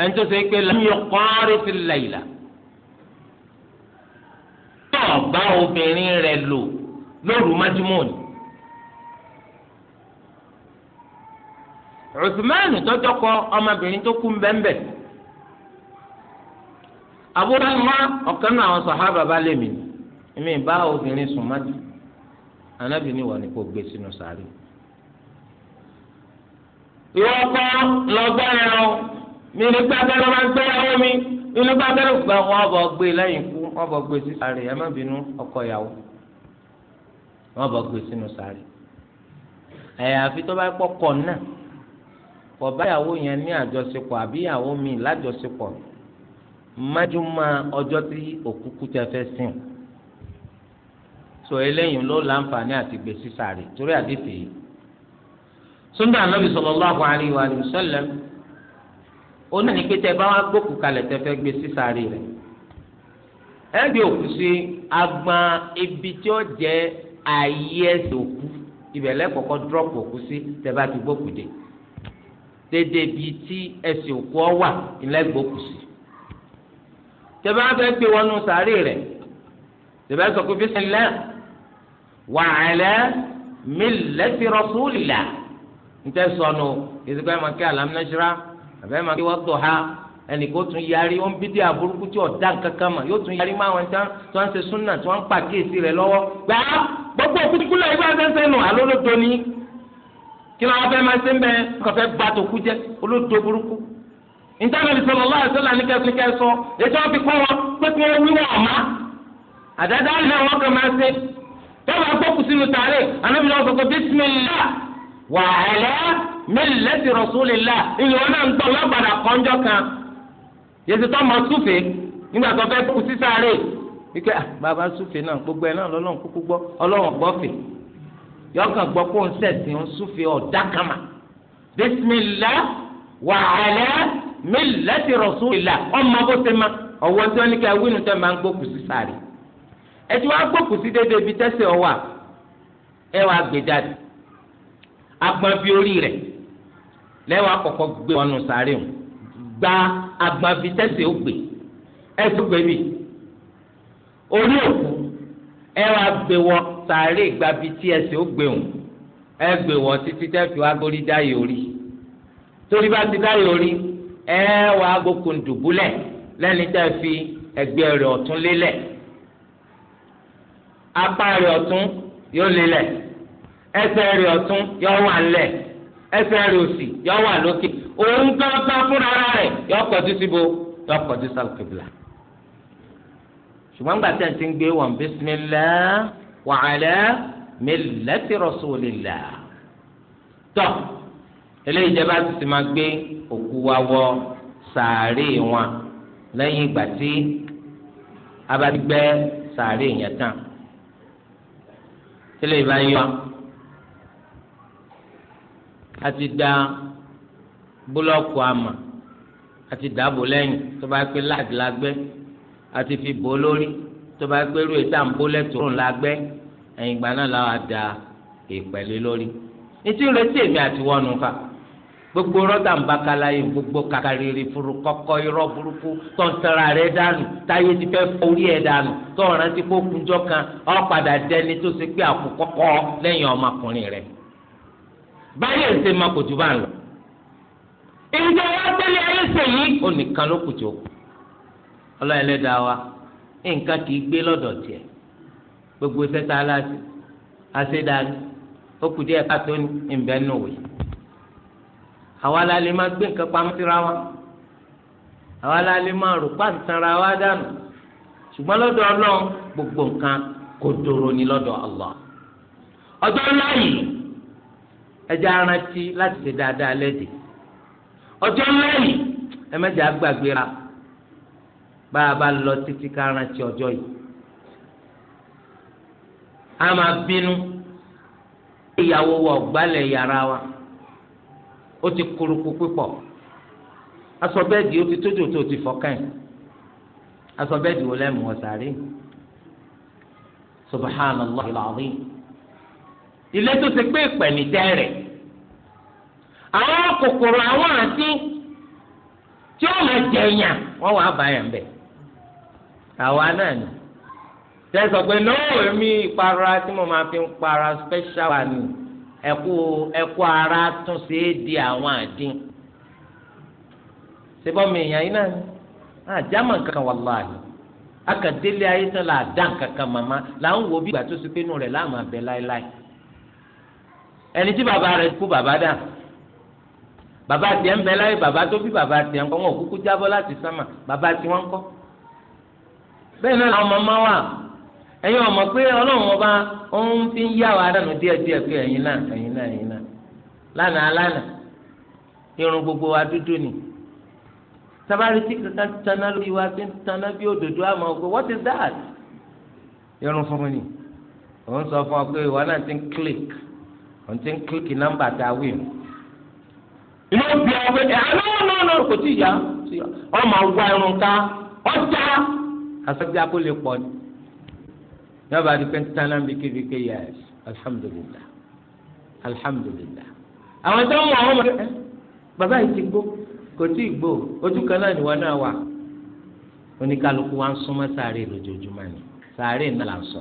ẹni tó ṣe pé lam yuqarifil layla tó ọ̀gbá obìnrin rẹ̀ lò lóru májúmọ́ ni. Usman tọjọ kọ ọmọbìnrin tó kú mbẹ́mbẹ́ àbúrò ńlá ọ̀kan náà àwọn sàhábà bá lè mí èmi bá obìnrin sùn má ti anábì ní wà ní kó gbé sínú sàárè. ìwọ ọkọ mi ní gbàgbẹ́rẹ́ máa ń gbé ẹ̀rọ mi inú gbàgbẹ́rẹ́ gbà wọn ọbọ̀ gbé lẹ́yìn kú wọn bọ̀ gbé sí ẹ má bínú ọkọ ìyàwó wọn bọ̀ gbé sínú sàárè. ẹ̀yà àfi tó bá pọ̀ kọ̀ náà kò báyàwó yẹn ní àjọṣepọ̀ àbí ìyàwó mi lájọṣepọ̀ májúmọ́ ọjọ́ tí òkúkú tẹ fẹ́ sìn so eléyìí ló láǹfààní àti gbèsè sáré torí àdìsí yìí sunba anabi sallallahu alayhi wa sallam ó ní pé tẹ bá wá gbókù kalẹ̀ tẹ fẹ́ gbèsè sáré rẹ̀ ẹ bí òkú sí agbọn ibi tí ó jẹ́ ààyè ẹsẹ̀ òkú ibẹ̀ lẹ́kọ̀ọ́kọ́ dúrọ́pù òkú sí tẹ bá ti gbókù dé dédé bíi tí ẹsẹ̀ òkú ọ wà ìlẹ́gbọ̀kùsì tẹ́bẹ́ á fẹ́ gbé wọnú sàárè rẹ̀ tẹ́bẹ́ sọ pé bismillah wa ala millati rasulillah níta sọnù ìsìnkú ẹ̀ máa kí alámínáṣírá àbẹ́ máa kí wọ́n tọ̀ ha ẹnì kó tún yarí ó ń bí dé àbúrúkú tí ọ̀dá kankan mà yóò tún yarí máa wọn tán tí wọ́n ń ṣe súnà tí wọ́n ń pàkíyèsí rẹ̀ lọ́wọ́ gbà gbogbo òkútukú lẹ́yìn bá ń sẹ́nu àlólótó ni kí làwọn fẹ́ máa ṣe ń bẹ kọfẹ́ gba tòkú jẹ olóòtú burúkú ìtàgé sọlọ lọ́wọ́ àṣọlá ní kẹsí kẹsọ ètò ọ̀fi kọ́ wọn pé kí wọ́n wíwọ́ ọ̀ma àdáda ilẹ̀ wọn kàn máa ṣe tọ́wọ́ agbókù sínú tààrẹ́ anábì náà sọ̀kọ̀ bísímìlá wà ẹ̀lẹ́ mílẹ̀tì rọ̀ṣúlélá ìlú wọn náà ń gbọ́ lọ́gbàdà kọ́njọ́ kan yẹtù tó máa súfè nígbà tó fẹ́ kú sí sáré wípé ah, bàbá súfè náà gbogbo ẹ̀ náà lọ́lọ́run kúkú gbọ́ ọlọ́run gbọ́ fè yọkàn gbọ́ kó ń sẹ̀sìn ń súfì ọ̀dà kama bisimilá wàhálà mílẹ̀tì rọ̀súlìlà ọmọ bó ṣe ma ọ̀wọ́ tí wọ́n ní ká wínú tẹ́ máa ń gbókù sí sáré ẹ ti wá gbókù sí déédéé ibi tẹ́sẹ̀ ọ wà ẹ wàá gbé jáde agbọn bíi orí rẹ̀ lẹ́wọ̀n àkọ́kọ́ gbé wọn nù sáré o gba agbọn bíi tẹ́sẹ̀ ó gbé ẹ tó gbé bì orí òkú ẹ wàá gbé wọn sàárè gbabi tí ẹsẹ̀ ó gbẹ̀hùn ẹ gbẹ̀wọ̀ títí tẹ́ fi wá gbórí dáyé orí torí bá ti dáyé orí ẹ wàá gbókun dùbúlẹ̀ lẹ́ni tẹ́ fi ẹgbẹ́ rẹ̀ ọ̀tún lélẹ̀ apá rẹ̀ ọ̀tún yóò lélẹ̀ ẹsẹ̀ rẹ̀ ọ̀tún yóò wà lẹ̀ ẹsẹ̀ rẹ̀ òsì yóò wà lókè òun gbọ́dọ̀ fúnra rẹ̀ yóò kọjú síbo yóò kọjú sálùkìbìlà ṣùgbọ́n gbàtẹ́ ti ń gbé wọn bísímilá wa ala millati rasulillah tọ́ eléyìí jẹ́ bá ti máa gbé òkú wa wọ sàárè wọn lẹ́yìn ìgbà tí a bá ti gbẹ́ sàárè yẹn tán tẹ́lẹ̀ ìbá yọ a ti da búlọ́ọ̀kù àmà a ti dàbò lẹ́yìn tó bá pé láàdì a ti fi bò lórí tó bá pé rú ètà ń bó ẹ̀yìn ìgbà náà làwọn àdá ìpẹ̀lẹ́ lórí etí ìrètí èmi àti wọnú fa gbogbo rọ́dà ń bá gbogbo kakariri furu kọkọ irọ burúkú tọ́ntara rẹ̀ dànù táyé ti fẹ́ forí ẹ̀ dànù ti kó kan ọ́ dẹni tó ṣe pé lẹ́yìn ọmọkùnrin báyìí ṣe máa kò jù bá ń lọ. ìjọ wa tẹ́lẹ̀ ayé ló ọlọ́ọ̀lẹ́dàá wa nǹkan kì í gbogbo sẹta aláṣẹ aṣẹdáni ó kù díẹ̀ káàtó ìbẹnùwé àwa la lè máa gbé nǹkan pamọ́ síra wa àwa la lè máa rò pàǹtara wa dànù ṣùgbọ́n lọ́dọ̀ Ọlọ́run gbogbo nǹkan kò dòrò ní lọ́dọ̀ Allah ọjọ́ ńlá yìí arántí láti ṣe dáadáa lẹ́dẹ̀ẹ́ ọjọ́ ńlá yìí ẹ̀mẹ́jẹ̀ á bá a bá lọ títí ká arántí ọjọ́ yìí. a máa bínú ìyàwó wa ọ̀gbálẹ̀ yàrá wa ó ti kuruku pípọ̀ aṣọ bẹ́ẹ̀dì ó ti tójú tó ti fọ́kàn aṣọ bẹ́ẹ̀dì wo lẹ́mu ọ̀sàrí subhanallahi alazim ilé tó ti pé ìpẹ̀lì tẹ́rẹ̀ àwọn kòkòrò àwọn àti tí ó máa jẹ̀yàn wọ́n bá yàn àwa tẹ́sán pé náà èmi ìpara tí mo máa fi ń para special wà ní ẹ̀kú ẹ̀kú ara tún ṣe é di àwọn àdín sebọ́mi èèyàn yìí náà àjàmà kankan wà láàyè akadélé ayé tán là dán kankan màmá là ń wo bí ìgbà tó ṣe pé inú rẹ̀ láàmú abẹ láéláé ẹni tí bàbá rẹ̀ kú bàbá dà bàbá tiẹ̀ ń bẹ láyé bàbá tó bí bàbá tiẹ̀ ń kọ́ wọn ò kúkú jábọ́ láti sánmà bàbá tiwọn kọ́ bẹ́ẹ̀ náà làwọn ọmọ máa wà ẹ̀yin ọmọ pé ọlọ́run ọba ó ń fi yá wa dànù díẹ̀díẹ̀ pé ẹ̀yin náà náà náà lánàá lánàá irun gbogbo wa dúdú ni sábàrí tí kankan tanná lórí wa bí what is that irun fún mi òun sọ fún ọ pé ìwà náà ti ń click òun ti ń click nọ́mbà tá a wí o inú bí ọ pé ẹ alọ́ náà náà kò tí ì yá ọmọ ọgbà irun ká ọjà kó lè yọba adigun tánà bíkébíké yẹs alhamdulillah alhamdulillah àwọn tó ń wọ àwọn ọmọdé eh, bàbá yìí ti gbó kò tí ì gbó ojú kan náà nìwọ náà wà oníkálukú wa ń súnmọ́ sáré lójoojúmọ́ ni sáré náà là ń sọ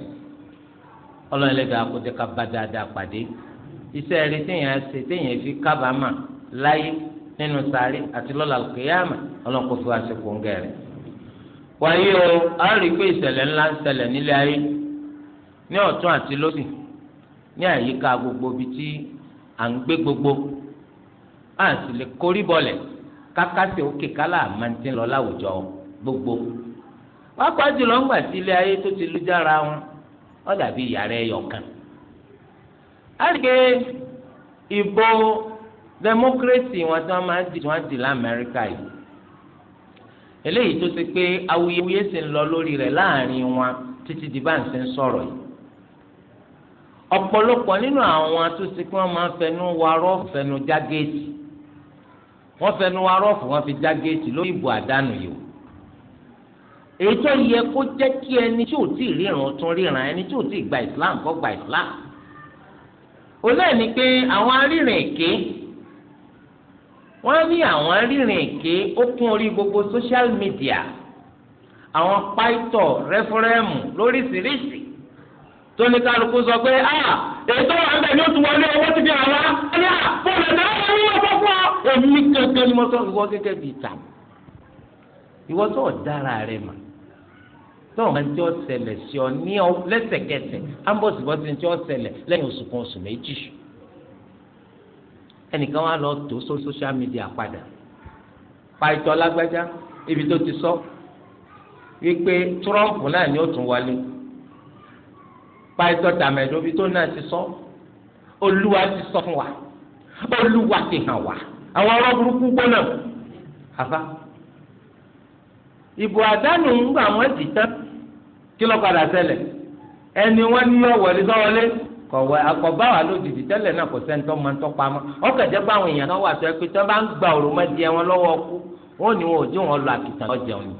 ọlọ́run ẹlẹ́dàá kó jẹ́ ká bá dáadáa pàdé iṣẹ́ rẹ téèyàn ṣe téèyàn fi kábàámà láyé nínú sáré àti lọ́la kéyàmà ọlọ́run kò fi wá sí kóńgẹ́ wáyé o a rí i pé ìṣẹ̀lẹ̀ ńlá ń ṣẹlẹ̀ nílé ayé ní ọ̀tún àti lósì ní àyíká gbogbo ibi tí à ń gbé gbogbo a sì lè korí bọlẹ̀ kákásẹ̀ òkè kálá àmàntín lọ láwùjọ gbogbo wákàá jùlọ ńgbà tí ilé ayé tó ti lújára wọn ó dàbí ìyàrá ẹyọ kan á rí i ìbò democracy wọn tí wọn máa ń di wọn di lamẹríkà yìí eléyìí tó ti pé awuyewuye sì ń lọ lórí rẹ̀ láàrin wọn títí di báńsì ń sọ̀rọ̀ yìí ọ̀pọ̀lọpọ̀ nínú àwọn atúnṣe kí wọ́n máa ń fẹnu wa rọ́ọ̀fù fẹnu já géètì wọ́n fẹnu wa rọ́ọ̀fù wọ́n fi já géètì lórí ìbò àdánù yìí èyí tó yẹ kó jẹ́ kí ẹni tí ò tí ì ríran tún ríran ẹni tí ò tí ì gba Islam kó gba Islam olóyè ni pé àwọn arìnrìn èké wọ́n ní àwọn arìnrìn èké ó kún orí gbogbo social media àwọn pàìtọ̀ rẹ́fúrẹ́mù lóríṣiríṣi tó ní kálukú sọ pé a ah, ètò wà bẹ́ẹ̀ ni ó tún wọlé owó ti fi hàn wá ní à fóònù ẹ̀dá wà ní ọ̀pọ̀ fún ọ. èmi kankan ni mo sọ ìwọ gẹ́gẹ́ bíi ìtàn ìwọ tó ọ̀dára rẹ mà tó ọmọ tí ó ṣẹlẹ̀ sí ọ ní ọ lẹ́sẹ̀kẹsẹ̀ ambọ̀sibọ́sì tí ó ṣẹlẹ̀ lẹ́yìn oṣù kan oṣù méjì ẹnìkan wà lọ tó sọ social media padà pa ìtọ́ lágbájá ibi tó ti sọ wípé Trump náà ni ó tún wọlé pàìtọ́ tàmẹ̀dọ́ bí tó náà ti sọ olúwa ti sọ fún wa olúwa ti hàn wá àwọn ọ̀rọ̀ burúkú gbóná àfa ìbò àdánù ń gbà wọ́n dì tán kí ló padà ṣẹlẹ̀ ẹni wọ́n ní ọ̀wọ́lé sọ́wọ́lé kọ̀wé àkọ́bá wa ló dìdì tẹ́lẹ̀ náà kò sẹ́ńtọ́ máa ń tọ́pa mọ́ ọ̀kẹ́jẹ́ bá àwọn èèyàn náà wà sọ pé tí wọ́n bá ń gba òròmọ díẹ̀ wọn lọ́wọ́ ọkú wọn ò wọn ò dí wọn lọ àkìtàn ọjà òní.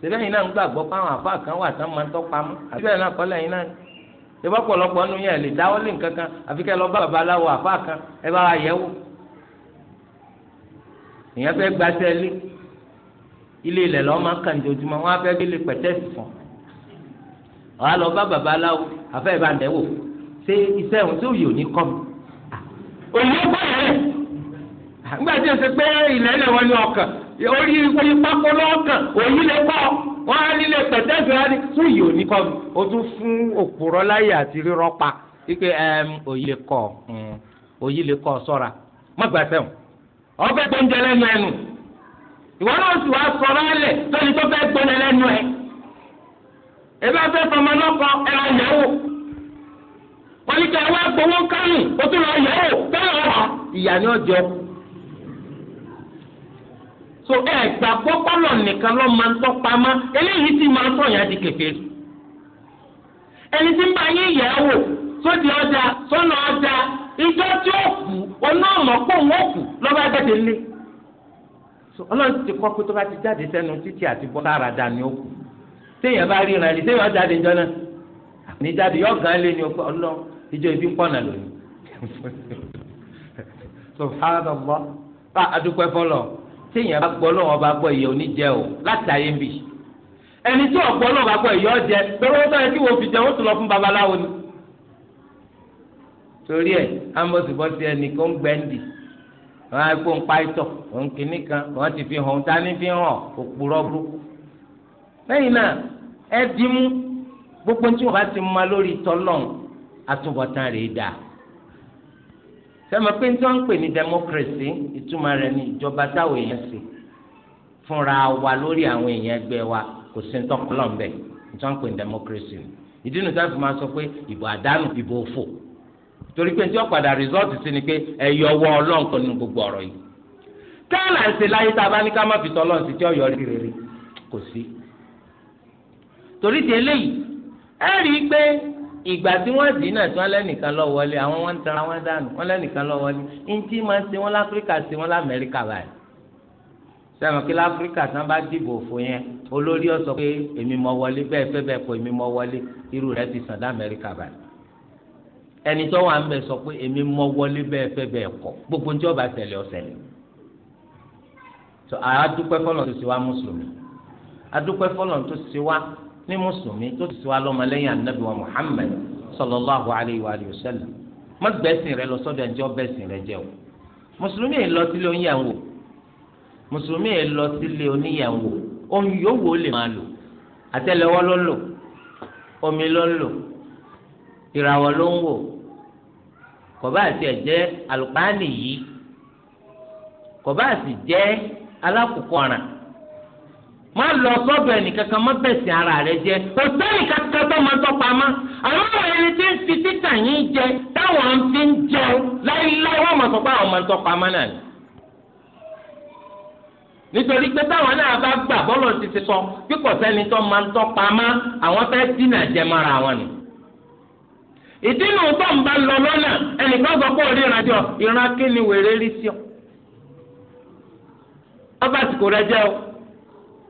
sẹ́lẹ̀ yìí náà ń gbàgbọ́ pé àwọn àfa kan wà sẹ́ńtọ́ máa ń tọ́pa mọ́ àbí bẹ́ẹ̀ náà kọ́lẹ̀ yìí náà ìbá pọ̀lọpọ̀ nínú yẹn lè dáwọ́ lé nǹkan kan àfi kẹ́ lọ bá babaláwo àfa kan ẹ bá wa yẹ̀wò ìyẹn fẹ́ gba sẹ́lé ilé ilẹ̀ lọ́ọ́ máa kàn jojúmọ́ wọn á fẹ́ gbélé pẹ̀tẹ́sì fún ọ á lọ bá babaláwo àfẹ́ ìbá ń dẹ́wò ṣé iṣẹ́ òun tí òye ò ní kọ́ mi. òye bá yẹn nígbà tí o ṣe pé ilẹ̀ ilẹ̀ wọn ní ọkàn orí orí pákó lọ́ọ̀kàn òyìn lè kọ́ wọ́n á nílé pẹ̀tẹ́sì yi ni otu ìyè òní kọ́ mi o tún fún òpùrọ̀ láyè àti rírọ́ pa wípé òyìn lè kọ́ hm, òyìn lè kọ́ sọ́ra sẹ́wọ̀n tó ń jẹ lẹ́nu ẹnu ìwọ náà sì wá sọ̀rọ̀ ẹ̀lẹ̀ lórí tó fẹ́ gbọ́nẹ lẹ́nu ebi afẹ́ fọmọ so ẹ gbà nìkan lọ́ máa ń tọ́ pamọ́ eléyìí ti máa ń tọ̀ yẹn di kẹfẹ́ ẹni tí ń bá yín yẹ̀ ẹ́ wò sódì ọjà sọ́nà ọjà ìjọ tí ó kù ń wọ́kù lọ́ba jáde lé ọlọ́run ti kọ́ pé tó bá ti jáde sẹ́nu títí àti bọ́ sára dà ní òkú téèyàn bá rí téèyàn jáde náà yọ *laughs* téèyàn bá gbọ́ lọ́wọ́ bá gbọ́ ìyẹ́ oníjẹ o láti ayé ń bì ẹni tí ọ̀gbọ́ lọ́wọ́ bá gbọ́ ìyẹ́ ọ̀jẹ pẹ̀lú wọn sọ̀rọ̀ kí wọ́n fi jẹ wọ́n tún lọ fún babaláwo ni. torí ẹ amọ̀sibọ́sí ẹnì kan ń gbẹ́ndì wọn á kó ń pa ìtọ̀ òun kìíní kan wọn ti fi hàn ta ní fi hàn òpùrọ̀ bú. lẹ́yìn náà ẹ dimú gbogbo tí wọn bá ti mọ lórí tọ́lọ́n sẹ́mi pé tí wọ́n ń pè ní democracy ìtumọ̀ rẹ̀ ní ìjọba táwọn èèyàn ṣe fúnra wa lórí àwọn èèyàn ẹgbẹ́ wa kò sí ń tọ́kọ́lọ́ ń bẹ̀ tí wọ́n ń pè ní democracy ìdí nu táwọn fi máa sọ pé ìbò àdánù ìbò òfò torí pé tí wọ́n padà rìsọ́ọ̀tì sí ni pé ẹ̀yọ ọwọ́ ọlọ́run kan nínú gbogbo ọ̀rọ̀ yìí kẹ́hìnà ń ṣe láyé tá a bá ní ká má fi tọ́ ọlọ́run sí tí ọ̀yọ́ rí rere kò sí torí ti eléyìí ẹ rí i pé ìgbà tí wọ́n dì í náà tí wọ́n lẹ́nìkan lọ wọlé àwọn wọn ń tara wọn dànù wọ́n lẹ́nìkan lọ wọlé ntí máa ń ṣe wọn láfíríkà ṣe wọn lámẹ́ríkà báyìí sẹ́wọ̀n kí láfíríkà tí wọ́n bá dìbò fún yẹn olórí ó sọ pé èmi mọ wọlé bẹ́ẹ̀ fẹ́ bẹ́ẹ̀ kọ́ èmi mọ wọlé irú rẹ̀ ti sàn lámẹ́ríkà báyìí ẹni tó wà ń bẹ sọ pé èmi mọ wọlé bẹ́ẹ̀ fẹ́ bẹ́ẹ̀ kọ́ gbogbo ní ọba ṣẹlẹ̀ ọ̀ṣẹlẹ̀ àdúpẹ́ fọlọ́n tó ṣe wá mùsùlùmí àdúpẹ́ fọlọ́n tó ṣe ní mùsùlùmí tó ti wá lọ́mọlẹ́yìn anabi wa muhammed sallallahu alayhi wa sallam má gbẹ́sìn rẹ lọ sọ́dọ̀ ẹni tí wọ́n bẹ́sìn rẹ jẹ́ o mùsùlùmí yìí lọ sílé oníyàwó mùsùlùmí yìí lọ sílé oníyàwó ohun yòówó lè máa lò àtẹ́lẹwọ́ ló ń lò omi ló ń lò ìràwọ̀ ló ń wò kọba ẹjẹ alùpàánì yìí kọba jẹ alákòókò ọ̀ràn má lọ sọ́dọ̀ ẹnìkankan má ara rẹ jẹ kò sẹ́yìn kankan tó máa tọ́pa má àwọn ẹni tí ń fi títà yín jẹ táwọn ń fi ń jẹun láíláí ọmọ sọ pé àwọn máa tọ́pa má náà ni. nítorí pé táwọn náà bá gbà bọ́lọ̀ ti ti sọ bí kò sẹ́ni tó máa tọ́pa má àwọn fẹ́ dínà jẹ mọ́ra àwọn ni. ìdí nu tó ń bá lọ lọ́nà ẹnìkan sọ pé ìrìnàjò ni wèrè rí sí ọ. ọ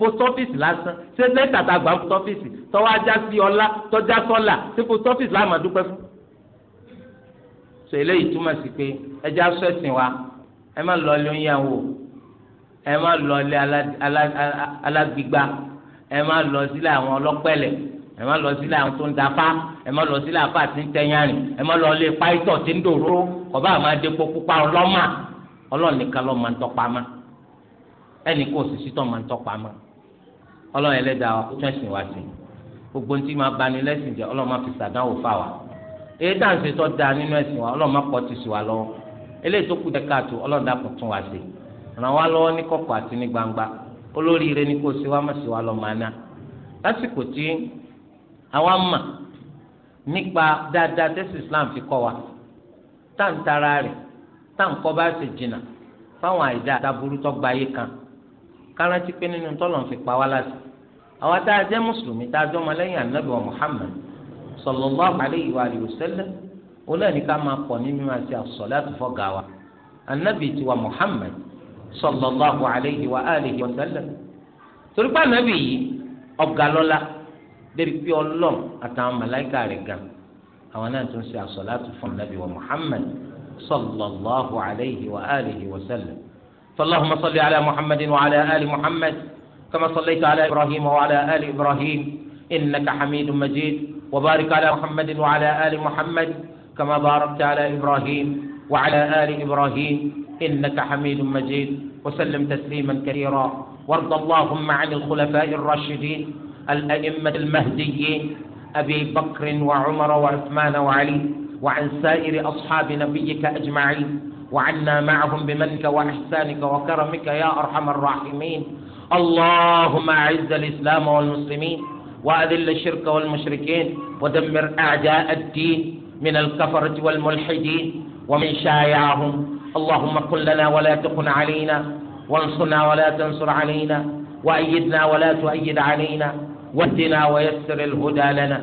post office lásán ṣé lẹ́tà tá a gbà post office tọ́wọ́ ajá sí ọlá tọ́já sọ́là ṣé post office láàmà dúpẹ́ fún. sọ eléyìí túmọ̀ sí pé ẹja sọ ẹ̀sìn wa ẹ má lọ ilé oníyàwó ẹ má lọ ilé alágbígbá ẹ má lọ sílé àwọn ọlọ́pẹ̀lẹ̀ ẹ má lọ sílé àwọn tó ń dafá ẹ má lọ sílé àfà tí ń tẹ̀yánrìn ẹ má lọ ilé páìtọ̀ tí ń dòró kọ̀ọ̀bá àmọ́ adé pọ́pọ́ pa ọlọ́mà ọlọ́ọ̀nìkan lọ́ọ́ máa ń tọ́pa máa. ẹnì kò sì sítọ̀ máa ń tọ́pa mọ́ ọlọ́run ẹlẹ́dàá wa kó sí gbogbo ní ti máa bani lẹ́sìn jẹ́ ọlọ́run máa fi sàdánwò fà wá da nínú ẹ̀sìn wa ọlọ́run máa pọ̀ ti sì wá lọ́wọ́ eléyìí tó kù ọlọ́run dàpọ̀ tún wá sí ràn wá lọ́wọ́ ní kọ̀kọ̀ àti ní gbangba olóríire ni kò sí lásìkò tí àwa mà nípa dáadáa tẹ́sí kárántí pé nínú tọ́lọ̀ fi pa wá láti àwọn tá a jẹ́ mùsùlùmí tá a jọ ọmọ lẹ́yìn ànábì wa Muhammad sallallahu alayhi wa alihi wa sallam olóòní ká máa pọ̀ ní mímọ́ àti as-salatu fọ́gà wa ànábì tiwa Muhammad sallallahu alayhi wa alihi wa sallam torí pé ànábì yìí ọ̀gá lọ́la débi pé ọlọ́m àtàwọn màláìka rẹ̀ gan àwọn náà tún ṣe as-salatu fún ànábì wa Muhammad sallallahu فاللهم صل على محمد وعلى آل محمد كما صليت على إبراهيم وعلى آل إبراهيم إنك حميد مجيد وبارك على محمد وعلى آل محمد كما باركت على إبراهيم وعلى آل إبراهيم إنك حميد مجيد وسلم تسليما كثيرا وارض اللهم عن الخلفاء الراشدين الأئمة المهديين أبي بكر وعمر وعثمان وعلي وعن سائر أصحاب نبيك أجمعين وعنا معهم بمنك وإحسانك وكرمك يا أرحم الراحمين اللهم أعز الإسلام والمسلمين وأذل الشرك والمشركين ودمر أعداء الدين من الكفرة والملحدين ومن شايعهم اللهم قل لنا ولا تقن علينا وانصرنا ولا تنصر علينا وأيدنا ولا تؤيد علينا واهدنا ويسر الهدى لنا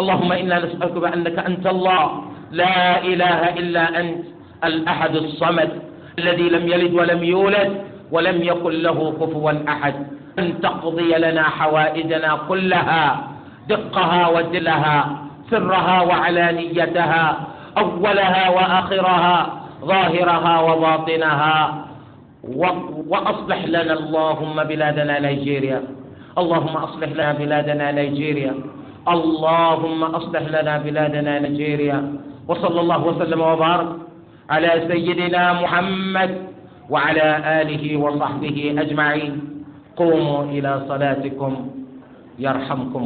اللهم إنا نسألك بأنك أنت الله لا إله إلا أنت الأحد الصمد الذي لم يلد ولم يولد ولم يكن له كفوا أحد أن تقضي لنا حوائجنا كلها دقها وجلها سرها وعلانيتها أولها وآخرها ظاهرها وباطنها وأصلح لنا اللهم بلادنا نيجيريا اللهم أصلح لنا بلادنا نيجيريا اللهم أصلح لنا بلادنا نيجيريا وصلى الله وسلم وبارك على سيدنا محمد وعلى آله وصحبه أجمعين قوموا إلى صلاتكم يرحمكم الله